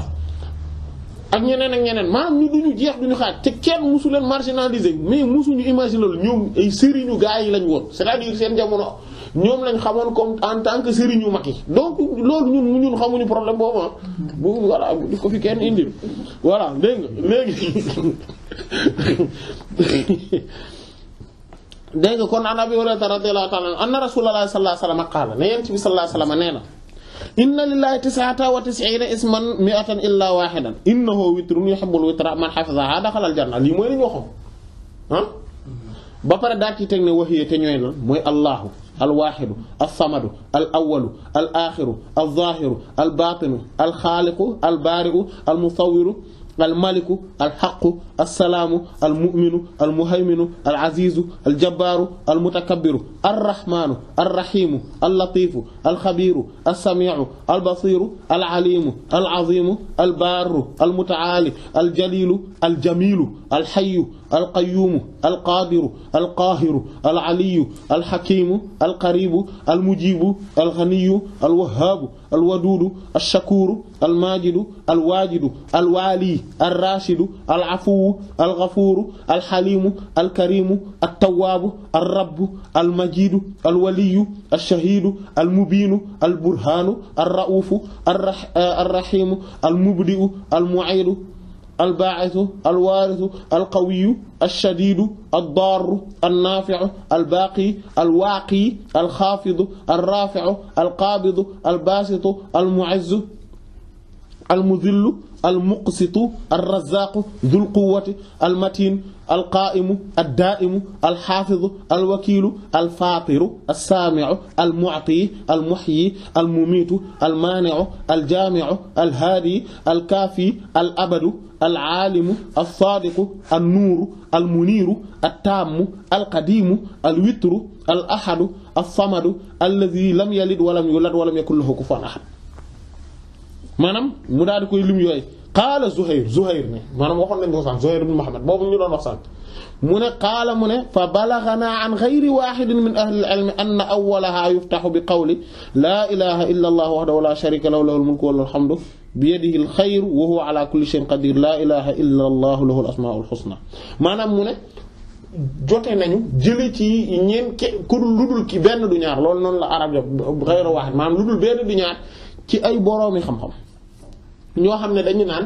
ak ñeneen ak ñeneen maanaam ñu duñu jeex ñu xaaj te kenn musu leen marginalisé mais musuñu imaginer loolu ñoom ay sëriñu gaa yi lañ woon cest à seen jamono ñoom lañ xamoon comme en tant que sëriñu mag yi donc loolu ñun ñun xamuñu problème boobu ah. bu voilà di ko fi kenn indi voilà dégg nga léegi *laughs* dégg nga kon an Abi Hurayra radiyallahu ta'ala anna Rasulullah sallallahu alayhi wasallam qaala nee na. inna lillahi tis'ata wa tis'ina isman mi'atan illa wahidan innahu witrun yahmul witra man hafizaha dakhala al janna lii mooy li ñu waxoon ah ba para da ci teg ne waxiye te ñoy lan mooy allahu alwaxidu alsamadu al awalu al axiru alzahiru albatinu alxaaliqu albaari'u almusawiru almaliku alxaqu السلام المؤمن المهيمن العزيز الجبار المتكبر الرحمن الرحيم اللطيف الخبير السميع البصير العليم العظيم البار المتعالي الجليل الجميل الحي القيوم القادر القاهر العلي الحكيم القريب المجيب الغني الوهاب الودود الشكور الماجد الواجد الوالي الراشد العفو الغفور الحليم الكريم التواب الرب المجيد الولي الشهيد المبين البرهان الرؤوف آه، الرحيم المبدئ المعيد الباعث الوارث القوي الشديد الضار النافع الباقي الواقي الخافض الرافع القابض الباسط المعز المذل المقسط الرزاق ذو القوة المتين القائم الدائم الحافظ الوكيل الفاطر السامع المعطي المحيي المميت المانع الجامع الهادي الكافي الأبد العالم الصادق النور المنير التام القديم الوتر الأحد الصمد الذي لم يلد ولم يولد ولم يكن له كفوا أحد manam mu dal koy lim yoy qala Zuhair Zuhair ne manam waxon nañ ko sax Zuhair ibn Muhammad bobu ñu doon wax sax mu ne qala mu ne fa balaghana an ghayri wahid min ahli al ilm an awwalaha yuftahu bi qawli la ilaha illa allah wahdahu la sharika lahu lahu al mulku wa lahu al hamdu bi yadihi al khayr wa huwa ala kulli shay'in qadir la ilaha illa allah lahu lahul asmaa'ul husna manam mu ne jote nañu jële ci ñeen ke ku ki ben du ñaar lool non la arab yo ghayru wahid manam luddul ben du ñaar ci ay boroomi xam-xam ño xamne dañu nan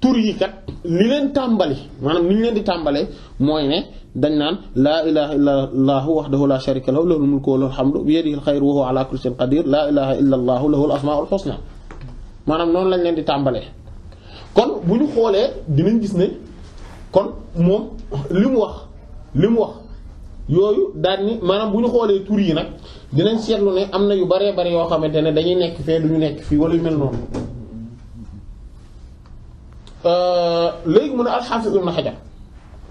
tour yi kat li len tàmbali manam ni len di tambale moy ne dañ nan la ilaha illa allaahu wahdahu la sharika lahu lahu mulku wa lahul hamdu bi yadihi alxayru wa huwa ala kulli shay'in qadir la ilaha illa allaahu lahul asmaul husna manam non lañ len di tambale kon buñu xolé dinañ gis ne kon mom li wax li wax yoyu dañ ni manam buñu xolé tour yi nak dinañ setlu ne amna yu bare bare yo xamantene dañuy nek fe duñu nek fi fii wala mel non légui mu ne al-Hafiz ibn Hajar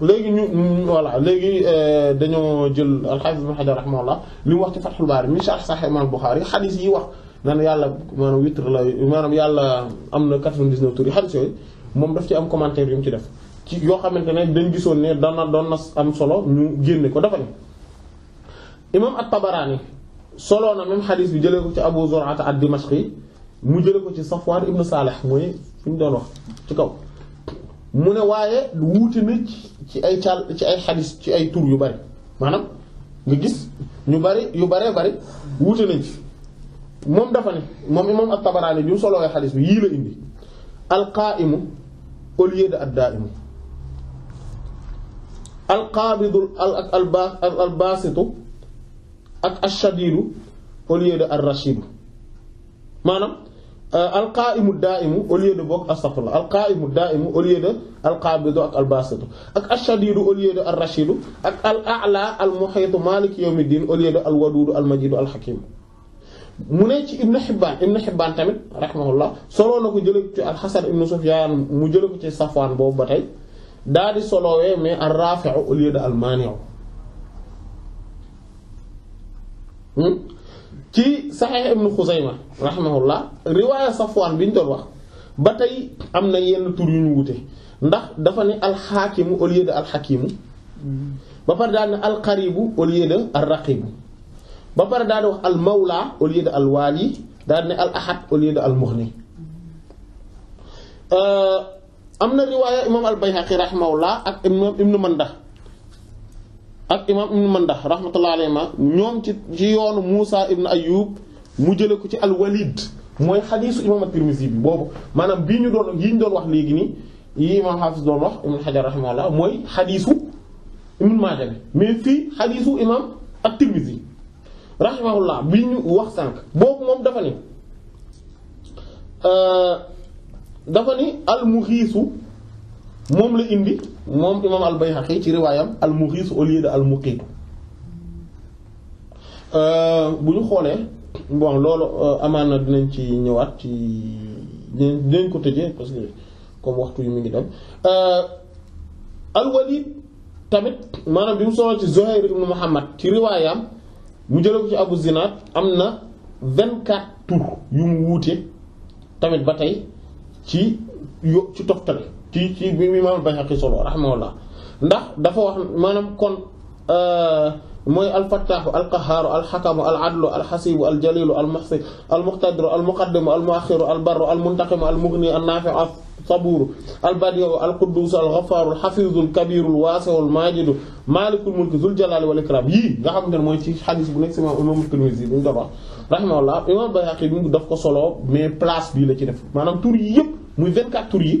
légui nu wala légui léegi dañoo jël al-Hafiz ibn Hajar rahimahullah li wax ci Fathul Bari mi sharh Sahih Imam Bukhari hadith yi wax nan yàlla manam witr la manam yàlla amna na 99 tur yi xadis yooyu moom daf ci am commentaire yu ci def ci yo xamantene dañ gissone ne dana doon na am solo ñu génne ko dafa imam at-Tabarani solo na même hadith bi jëlee ko ci Abu Zur'ata ad-Dimashqi mu jëlee ko ci Safwan ibn Salih moy fi ñu doon wax ci kaw mu ne waaye wuute na ci ay cal ci ay xadis ci ay tur yu bari maanaam nga gis ñu bari yu baree bari wuute nañ ci moom dafa ne moom imam at-Tabarani bi mu solowee xadis bi yii la indi al-qa'imu au lieu al-qabidu ak al-basitu ak ash-shadidu au rashidu maanaam Euh, alqaa'imu daa'imu au lieu de bokk astaghfirullah alqaa'imu daa'imu au lieu de alqaabidu ak albasitu ak ashadidu au lieu de alrashidu ak al a'la al muhiitu maliki yawmiddin au lieu de alwadudu almajidu alhakim mu ne ci ibnu Hibbaan ibnu Hibbaan tamit rahimahullah soloo na ko jële ci alxasan ibnu Sufyaan mu jële ko ci Safwaan boobu ba tey daa di solowee mais alraafi'u au lieu de almaani'u hmm? ci Sahih ibn khuzaimah rahimahullah riwaya safwan bin ñu wax batay amna yenn tour yu ñu wute ndax dafa ni al hakim au lieu de al hakim ba pare daal al qarib au lieu de raqib ba pare daal wax al mawla au lieu de al wali daal ni al ahad au lieu de al almughni euh amna riwaya imam al Bayhaqi rahimahullah ak imaam Ibn mandah ak imam ibnu mandah rahmatullah alayhima ñom ci ci yoonu musa ibn Ayyub mu jële ko ci al-Walid moy hadith imam at-Tirmidhi bi bobu manam bi ñu doon yi ñu doon wax legi ni yi imam Hafiz doon wax ibn Hajar rahimahullah moy hadithu ibn Maaja bi mais fii xadiisu imam at-Tirmidhi rahimahullah bi ñu wax sank bobu mom dafa ni euh dafa ni al-Mughiis moom la indi moom imaam al yi ci riwaayam al-Mughith au lieu de al euh, bu ñu xoolee bon loolu euh, amaan na dinañ ci ñëwaat ci dinañ ko tëjee parce que comme waxtu yi mu ngi dem euh, al tamit maanaam bi mu solo ci Zuhayr ibn Muhammad ci riwaayam mu jëlee ko ci Abu Zinad am na 24 tours yu mu wuute tamit ba tey ci ci toftale ci ci bi mi imaam Bayhaqi solo rahimahullah ndax dafa wax manam kon euh moy al alfattaahu al alxakamu al alxasibu al almuxsi al almuqaddimu al albarru al almugni al alsabuuru al alquduusu al alxafiizu al alwaasiu almaajidu maalikul mulki zul jalaali wal ikraam yii nga xamante ne mooy ci xadis bu nekk si imaam Tirmisi bi mu doon wax rahimahullah imaam Bayhaqi bi daf ko solo mais place bii la ci def maanaam tur yi yëpp muy 24 tur yi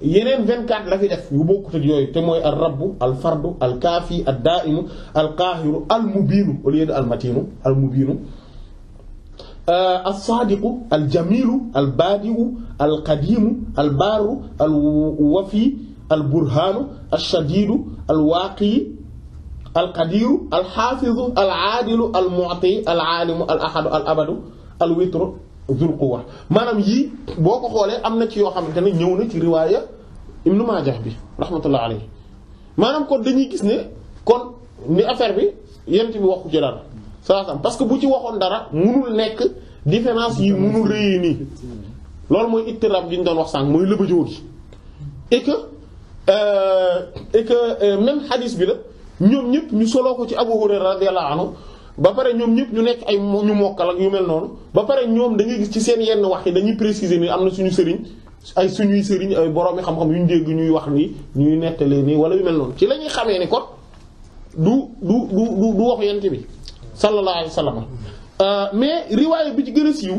yenen 24 la fi def yu bokut ak yoy te moy ar-rabb al fard al kafi ad-da'im al qahir al mubin au lieu de al matin al mubin as-sadiq al jamil al badi al qadim al bar al wafi al burhan ash-shadid al waqi al qadir al hafiz al adil al mu'ti al alim al ahad al abad al witr zul maanaam yii boo ko xoolee am na ci yoo xam ne ñëw na ci riwaaya Ibnu Maajah bi rahmatullah alayhi maanaam kon dañuy gis ne kon ni affaire bi yent bi waxu ci dara salaasam parce que bu ci waxoon dara munul nekk différence yi munul réy nii loolu mooy ittirab gi ñu doon wax sànq mooy lëbëjoo gi et que euh, et que euh, même xadis bi la ñoom ñëpp ñu soloo ko ci Abu Hurayra radiyallahu anhu ba pare ñoom ñëpp ñu nekk ay ñu mokkal ak yu mel noonu ba pare ñoom da gis ci seen yenn wax yi dañuy préciser ni am na suñu sëriñ ay suñuy sëriñ ay boroomi xam-xam yu ñu dégg ñuy wax ni ñu nettalee nii wala yu mel noonu ci la ñuy xamee ni du du du du du waxu yent bi sallallahu alayhi euh, mais riwaaya bi ci gën a siiw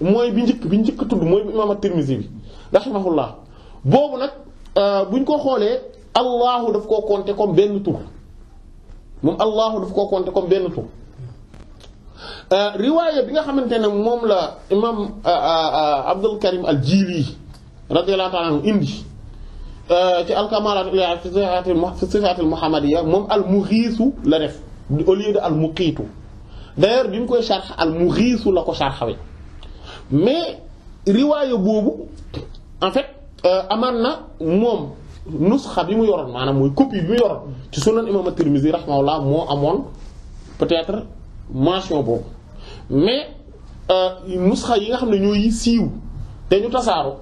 mooy bi njëkk bi njëkk tudd mooy bi imaam at-Tirmidhi bi rahimahullah boobu nag euh, buñ ko xoolee allahu daf koo compter comme benn tur moom allahu daf koo compter comme benn tur riwaya bi nga xamantene mom la imam Abdul Karim al-Jili radiyallahu ta'ala indi ci al-Kamaalaat kamalat fi sifaatil fi al muhammadiyya mom al mughis la def au lieu de al muqit d'ailleurs bim koy sharh al mughis la ko sharhawé mais riwaya bobu en fait amana mom nuskha bi mu yoron manam moy copie bi yoron ci sunan imam at-Tirmidhi rahmalahu mo amone peut-être mention bobu mais euh, nusxa yi nga xam ne ñoo yi siiw te ñu tasaaro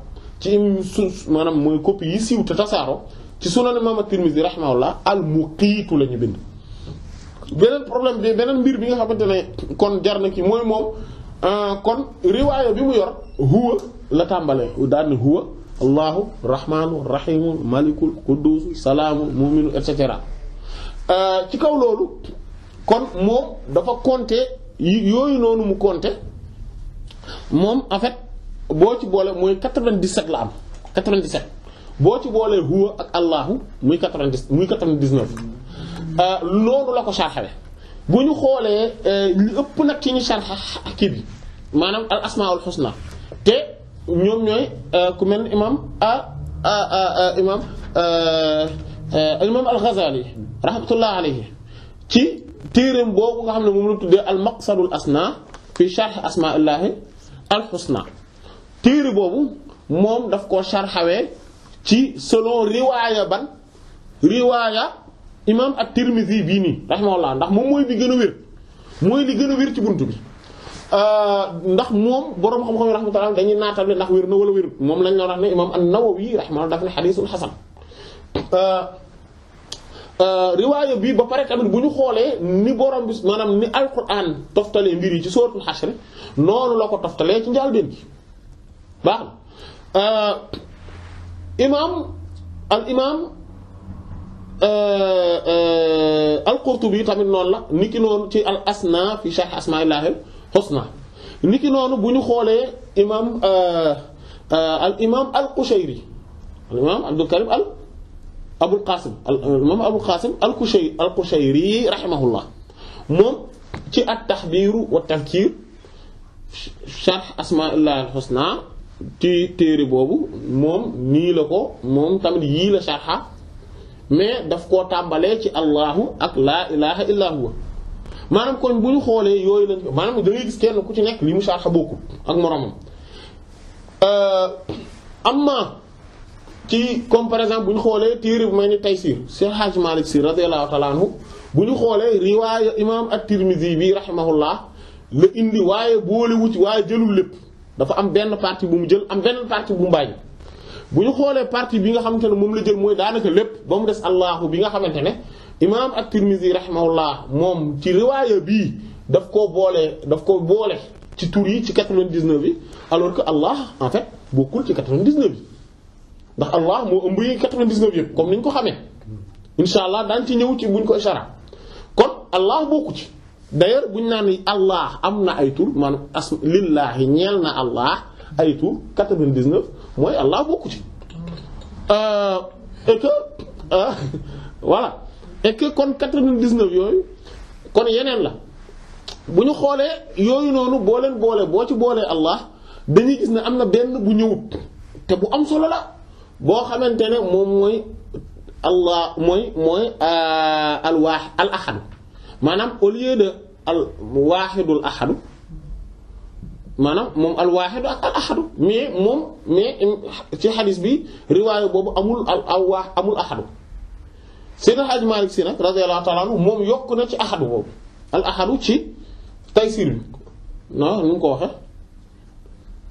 ci su maanaam mooy copie yi siiw te tasaaro ci sunan imam at-Tirmidhi rahimahullah al muqiitu la ñu bind beneen problème bi beneen mbir bi nga xamante ne kon jar na ki mooy moom euh, kon riwaaya bi mu yor huwa la tàmbalee daan ni huwa allahu rahmaanu rahiimu malikul qudduusu salaamu mu'minu et cetera euh, ci kaw loolu kon moom dafa compter yooyu nonu mu konté mom en fait bo ci bolé moy 97 la am 97 bo ci bolé huwa ak allah muy 90 muy 99 euh lolu lako sharxawe buñu xolé euh ëpp nak ci ñu sharxa akibi manam al asmaul husna te ñom ñoy ku mel imam a a a imam euh imam al ghazali rahmatullah alayhi ci téereem bobu nga xamne mom moom la tuddee al maqsadul asna fi sharh asmaillah al husna téere bobu mom daf ko sharhawé ci solo riwaya ban riwaya imam at-Tirmidhi bii nii rahimahullah ndax mom moy bi gëna wér moy li gëna wér ci buntu bi ndax moom boroom xam-xam yi dañuy naatable ndax wér na wala wérut moom lañ la wax ne imam an-Nawawi rahimahullah daf ne xadisul riwaya bi ba pare tamit buñu xolé ni borom bis manam ni alquran toftale mbiri ci suratul xashr nonu lako toftale ci njàlbéen gi baax na imaam al imaam al qurtubi tamit non la niki non ci al asna fi sharh asmaillah husna niki non buñu xolé imam imaam al imam al qushayri al imaam abdul karim al. abul qasim moom abul qasim al kushay al kushayri rahimahullah moom ci at taxbiiru wa tafkiir sharh asmaa illahi al husna ci téere boobu moom nii la ko moom tamit yii la sharha mais daf koo tàmbalee ci allahu ak laa ilaha illa huwa maanaam kon bu ñu xoolee yooyu lañ maanaam da ngay gis kenn ku ci nekk li mu sharha bokkut ak moromam amma ci comme par exemple bu ñu xoolee téere bu mel ni Taysiir Seex Hajj Maalik Si radiyallahu ta'ala anhu bu ñu xoolee riwaaya imaam at-Tirmidhi bi rahimahullah la indi waaye boolewut waaye jëlul lépp dafa am benn partie bu mu jël am benn partie bu mu bàyyi. bu ñu xoolee partie bi nga xamante ne moom la jël mooy daanaka lépp ba mu des Allahu bi nga xamante ne imaam at-Tirmidhi rahimahullah moom ci riwaaya bii daf koo boole daf koo boole ci tur yi ci 99 bi alors que Allah en bokkul ci 99 bi. ndax allah mo ëmb 99 yeb comme niñ ko xamé inshallah dañ ci ñëw ci buñ ko ishara kon allah bokku ci d'ailleurs buñ naan allah amna ay tour man lillah lillahi na allah ay tour 99 moy allah bokku ci euh et que voilà et que kon 99 yoy kon yenen la buñu xolé xoolee nonu bo len leen boole ci bolé allah dañuy gis na amna benn bu ñëwut te bu am solo la boo xamante ne moom mooy allah mooy mooy euh, al waax axadu maanaam au lieu de al waaxidul axadu maanaam moom al waaxidu ak al axadu mais moom mais ci xadis bi riwaayo boobu amul al al amul axadu Seydina Hadj Malick Sy nag radiyallahu ta'ala anhu moom yokk na ci axadu boobu al axadu ci taysir bi non nu mu ko waxee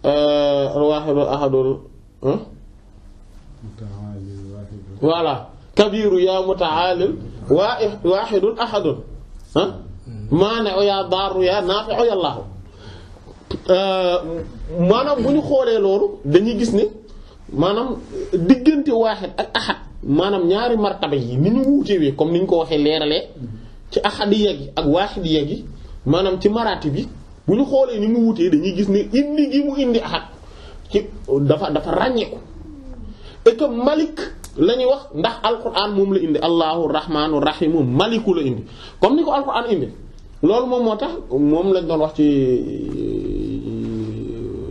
euh, al voilà kabiru yaa muta'aalil waa waahidun ahadun ah maane maanaam bu ñu xoolee loolu dañuy gis ne maanaam diggante waaxid ak axad maanaam ñaari martaba yi ni ñu wuutewee comme ni ñu ko waxee leerale ci axadiyya gi ak waaxidiyya gi maanaam ci maraati bi bu ñu xoolee ni mu wuutee dañuy gis ne indi gi mu indi axad ci dafa dafa ràññeeku et que Malik la ñuy wax ndax al alquran moom la indi Allahu rahmaanu rahiimu maliku la indi comme ni ko alquran indi loolu moom moo tax moom lañ doon wax ci euh,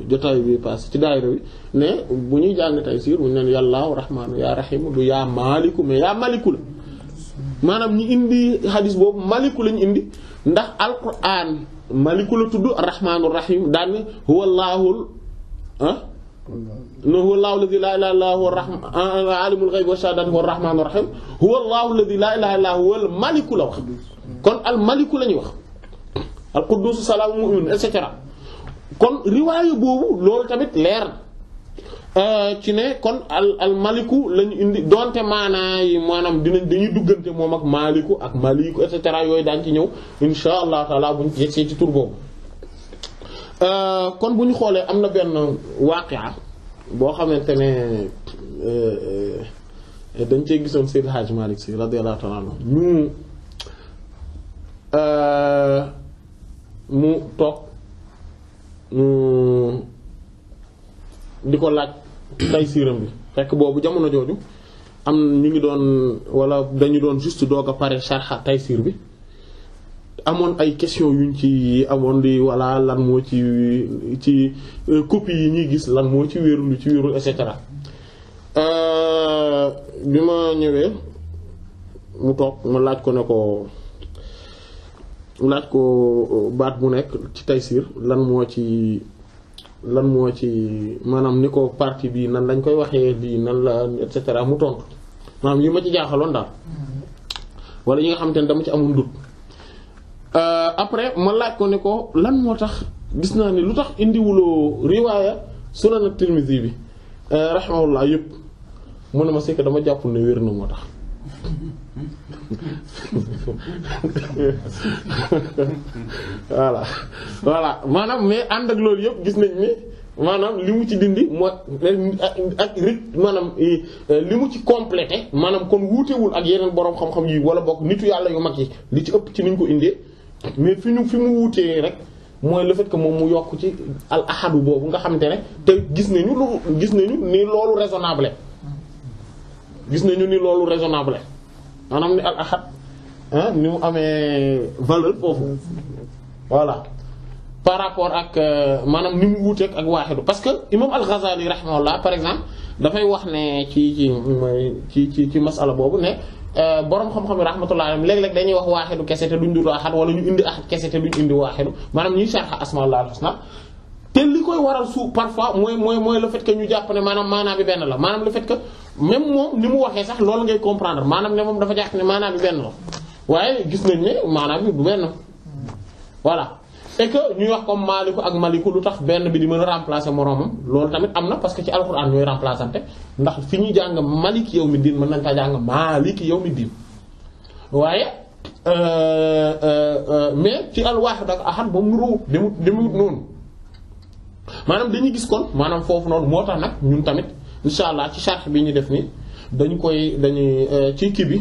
jotaay bi paase ci daayira bi ne bu ñuy jàng tey siir bu ñu neen yàllaahu rahmaanu yaa rahiimu du yaa maaliku mais yaa maliku la maanaam ñu indi xadis boobu maliku lañu indi ndax alquran maliku la tudd rahmaanu rahim daan huwa allahul ah انه هو الله الذي لا اله الا هو الرحمن آه، آه، آه، عالم الغيب والشهاده هو الرحمن الرحيم هو الله الذي لا اله الا هو الملك لو كون الملك لا نيوخ القدوس سلام اي اتسترا كون روايه بوبو لول تاميت لير ا تي ني كون الملك لا ندي دونت مانا مانام ديني دوجنتي مومك مالك اك مالك اتسترا يوي دانتي نييو ان شاء الله تعالى بو نيتي تور بوبو Euh, kon bu ñu xoolee am na benn waaqia boo xamante ne euh, euh, dañ cee gisoon Seydi Hadj Malick Sy radiyallahu ta'ala anhu ñu mu toog di ko laaj tay siiram bi fekk boobu jamono jooju am ñu ngi doon wala dañu doon juste doog a pare sharxa tay siir bi amoon ay question ñu ci amoon di walla lan moo ci ci euh, copie yi ñuy gis lan moo ci wéeru lu ci wéeru et euh, bi ma ñëwee mu toog ma laaj ko ne ko laaj ko euh, baat bu nekk ci taysiir lan moo ci lan moo ci maanaam ni ko partie bi nan lañ koy waxee lii nan la et mu tontu maanaam yi ma ci jaaxaloon daal mm-hmm. walla yi nga xamante ne dama ci amul dut Euh, après ma laaj ko ne ko lan moo tax gis naa ne lu tax indiwuloo riwaaya sunan at-Tirmidhi bi euh, rahimahullah yëpp mu ne ma c'est dama jàpp ne wér na moo tax voilà voilà maanaam mais ànd ak loolu yëpp gis nañ ni maanaam li mu ci dindi mooy ak rit maanaam euh, li mu ci complété maanaam kon wuutewul ak yeneen boroom xam-xam yi wala bokk nitu yàlla yu mag yi li ci ëpp ci nuñ ko indee mais fi ñu fi mu wutee rek moy le fait que moom mu yokk ci al ahad bobu nga xamante ne te gis nañu lu gis nañu ni lolu raisonnable gis nañu ni lolu raisonnable manam ni al ahad hein ni mu amee valeur bobu voilà par rapport ak euh, manam ni mu wuuteeg ak waaxidu parce que imam al-Ghazali rahimahullah par exemple da fay wax ne ci ci ci ci masala bobu ne. Euh, borom xam-xam yi rahmatullah alayhim léeg-léeg dañuy wax waaxidu kese te duñ dugal ahad wala ñu indi ahad kese te duñ indi waaxidu maanaam ñuy sarxa asmaullahi alhusna te li koy waral suuf parfois mooy mooy mooy le fait ñu jàpp ne maanaam maanaam bi benn la maanaam le fait que moom ni mu waxee sax loolu ngay comprendre maanaam ne moom dafa jàpp ne maanaam bi benn la waaye gis nañ ne maanaam bi du benn voilà. et ñuy wax comme maaliku ak maliku lu tax benn bi di mën a remplacer moroomam loolu tamit am na parce que ci alxuraan ñooy remplaçante ndax fi ñuy jàng malik yow mi diin mën nañ fa jàng maalik yow mi diin waaye euh, euh, euh, mais ci alwaahid ak ahad moom nuroo demut demut maanaam dañuy gis kon maanaam foofu noonu moo tax nag ñun tamit insha allah ci sharh bi ñu def ni dañ koy dañuy ci kii bi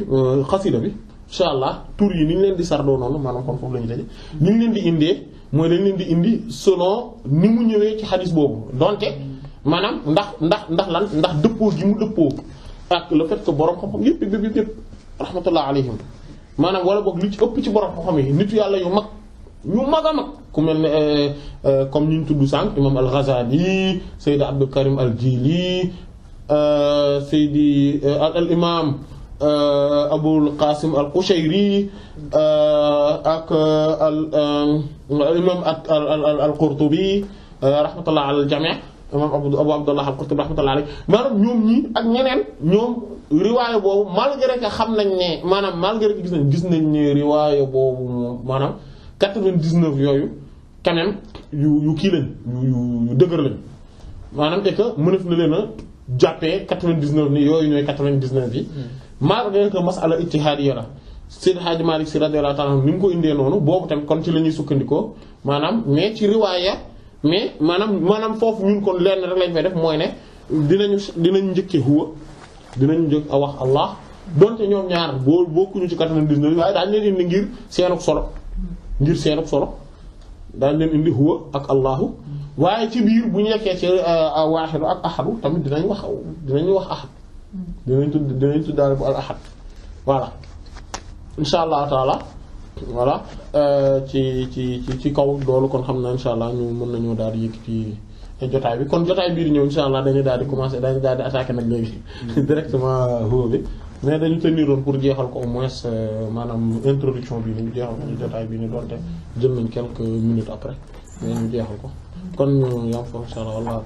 xasida bi insha allah tur yi ni ñu leen di sardoo noonu maanaam kon foofu la ñu daje ni ñu leen di indee mooy dañ leen di indi selon ni mu ñëwee ci xadis boobu donte maanaam ndax ndax ndax lan ndax dëppoo gi mu dëppoo ak le fet ko borom xam-xam yëpp yëpp yëpp yëpp rahmatullah alayhim maanaam wala boog li ci ëpp ci borom xam-xam yi nitu yàlla yu mag ñu mag a mag ku mel ne euh, euh, comme ñu tudd sànq imam al-Ghazali Sayyid Abdul Karim al-Jili euh, Sayyidi al imam Euh, Abul Qasim al-Qushayri euh, ak euh, al imam ak al-Qurtubi rahmatullah ala al-jami' imam Abu Abdullah al-Qurtubi maanaam ñoom ñi ak ñeneen ñoom riwaayo boobu malgré que xam nañ ne maanaam malgré que gis nañ gis nañ ne riwaayo boobu moom maanaam 99 yooyu quand même yu yu kii lañ yu yu dëgër lañ maanaam et que mënef na leen a jàppee 99 ni yooyu ñooy 99 bi malgré que masala ijtihaadiyya la Seydi Hadji Malick Sy radiyallahu ta'ala ni ñu ko indee noonu boobu tamit kon ci la ñuy sukkandikoo maanaam mais ci riwaaya mais maanaam maanaam foofu ñun kon lenn rek lañ fay def mooy ne dinañu dinañ njëkkee huwa dinañ njëkk a wax Allah donte ñoom ñaar boo bokkuñu ci 99 waaye daañu leen indi ngir seenug solo ngir seenug solo daañu leen indi huwa ak Allahu waaye ci biir bu ñu nekkee ci euh, waaxidu ak axalu tamit dinañ wax dinañ wax ahad dinañ tudd dinañ tuddaale bu al ahad voilà insha allah taala voilà euh, ci ci ci ci kaw loolu kon xam naa insha allah ñu mën nañoo daal di yëg ci jotaay bi kon jotaay bii ñëw insha allah dañuy daal di commencer dañuy daal di attaquer nag léegi mm. *laughs* directement huwa euh, bi mais dañu teniroon pour jeexal ko au moins euh, maanaam introduction bi ñu jeexal ko ci jotaay bi ni doonte jël nañ quelques minutes après mais ñu jeexal ko kon ñu yam foofu insha allah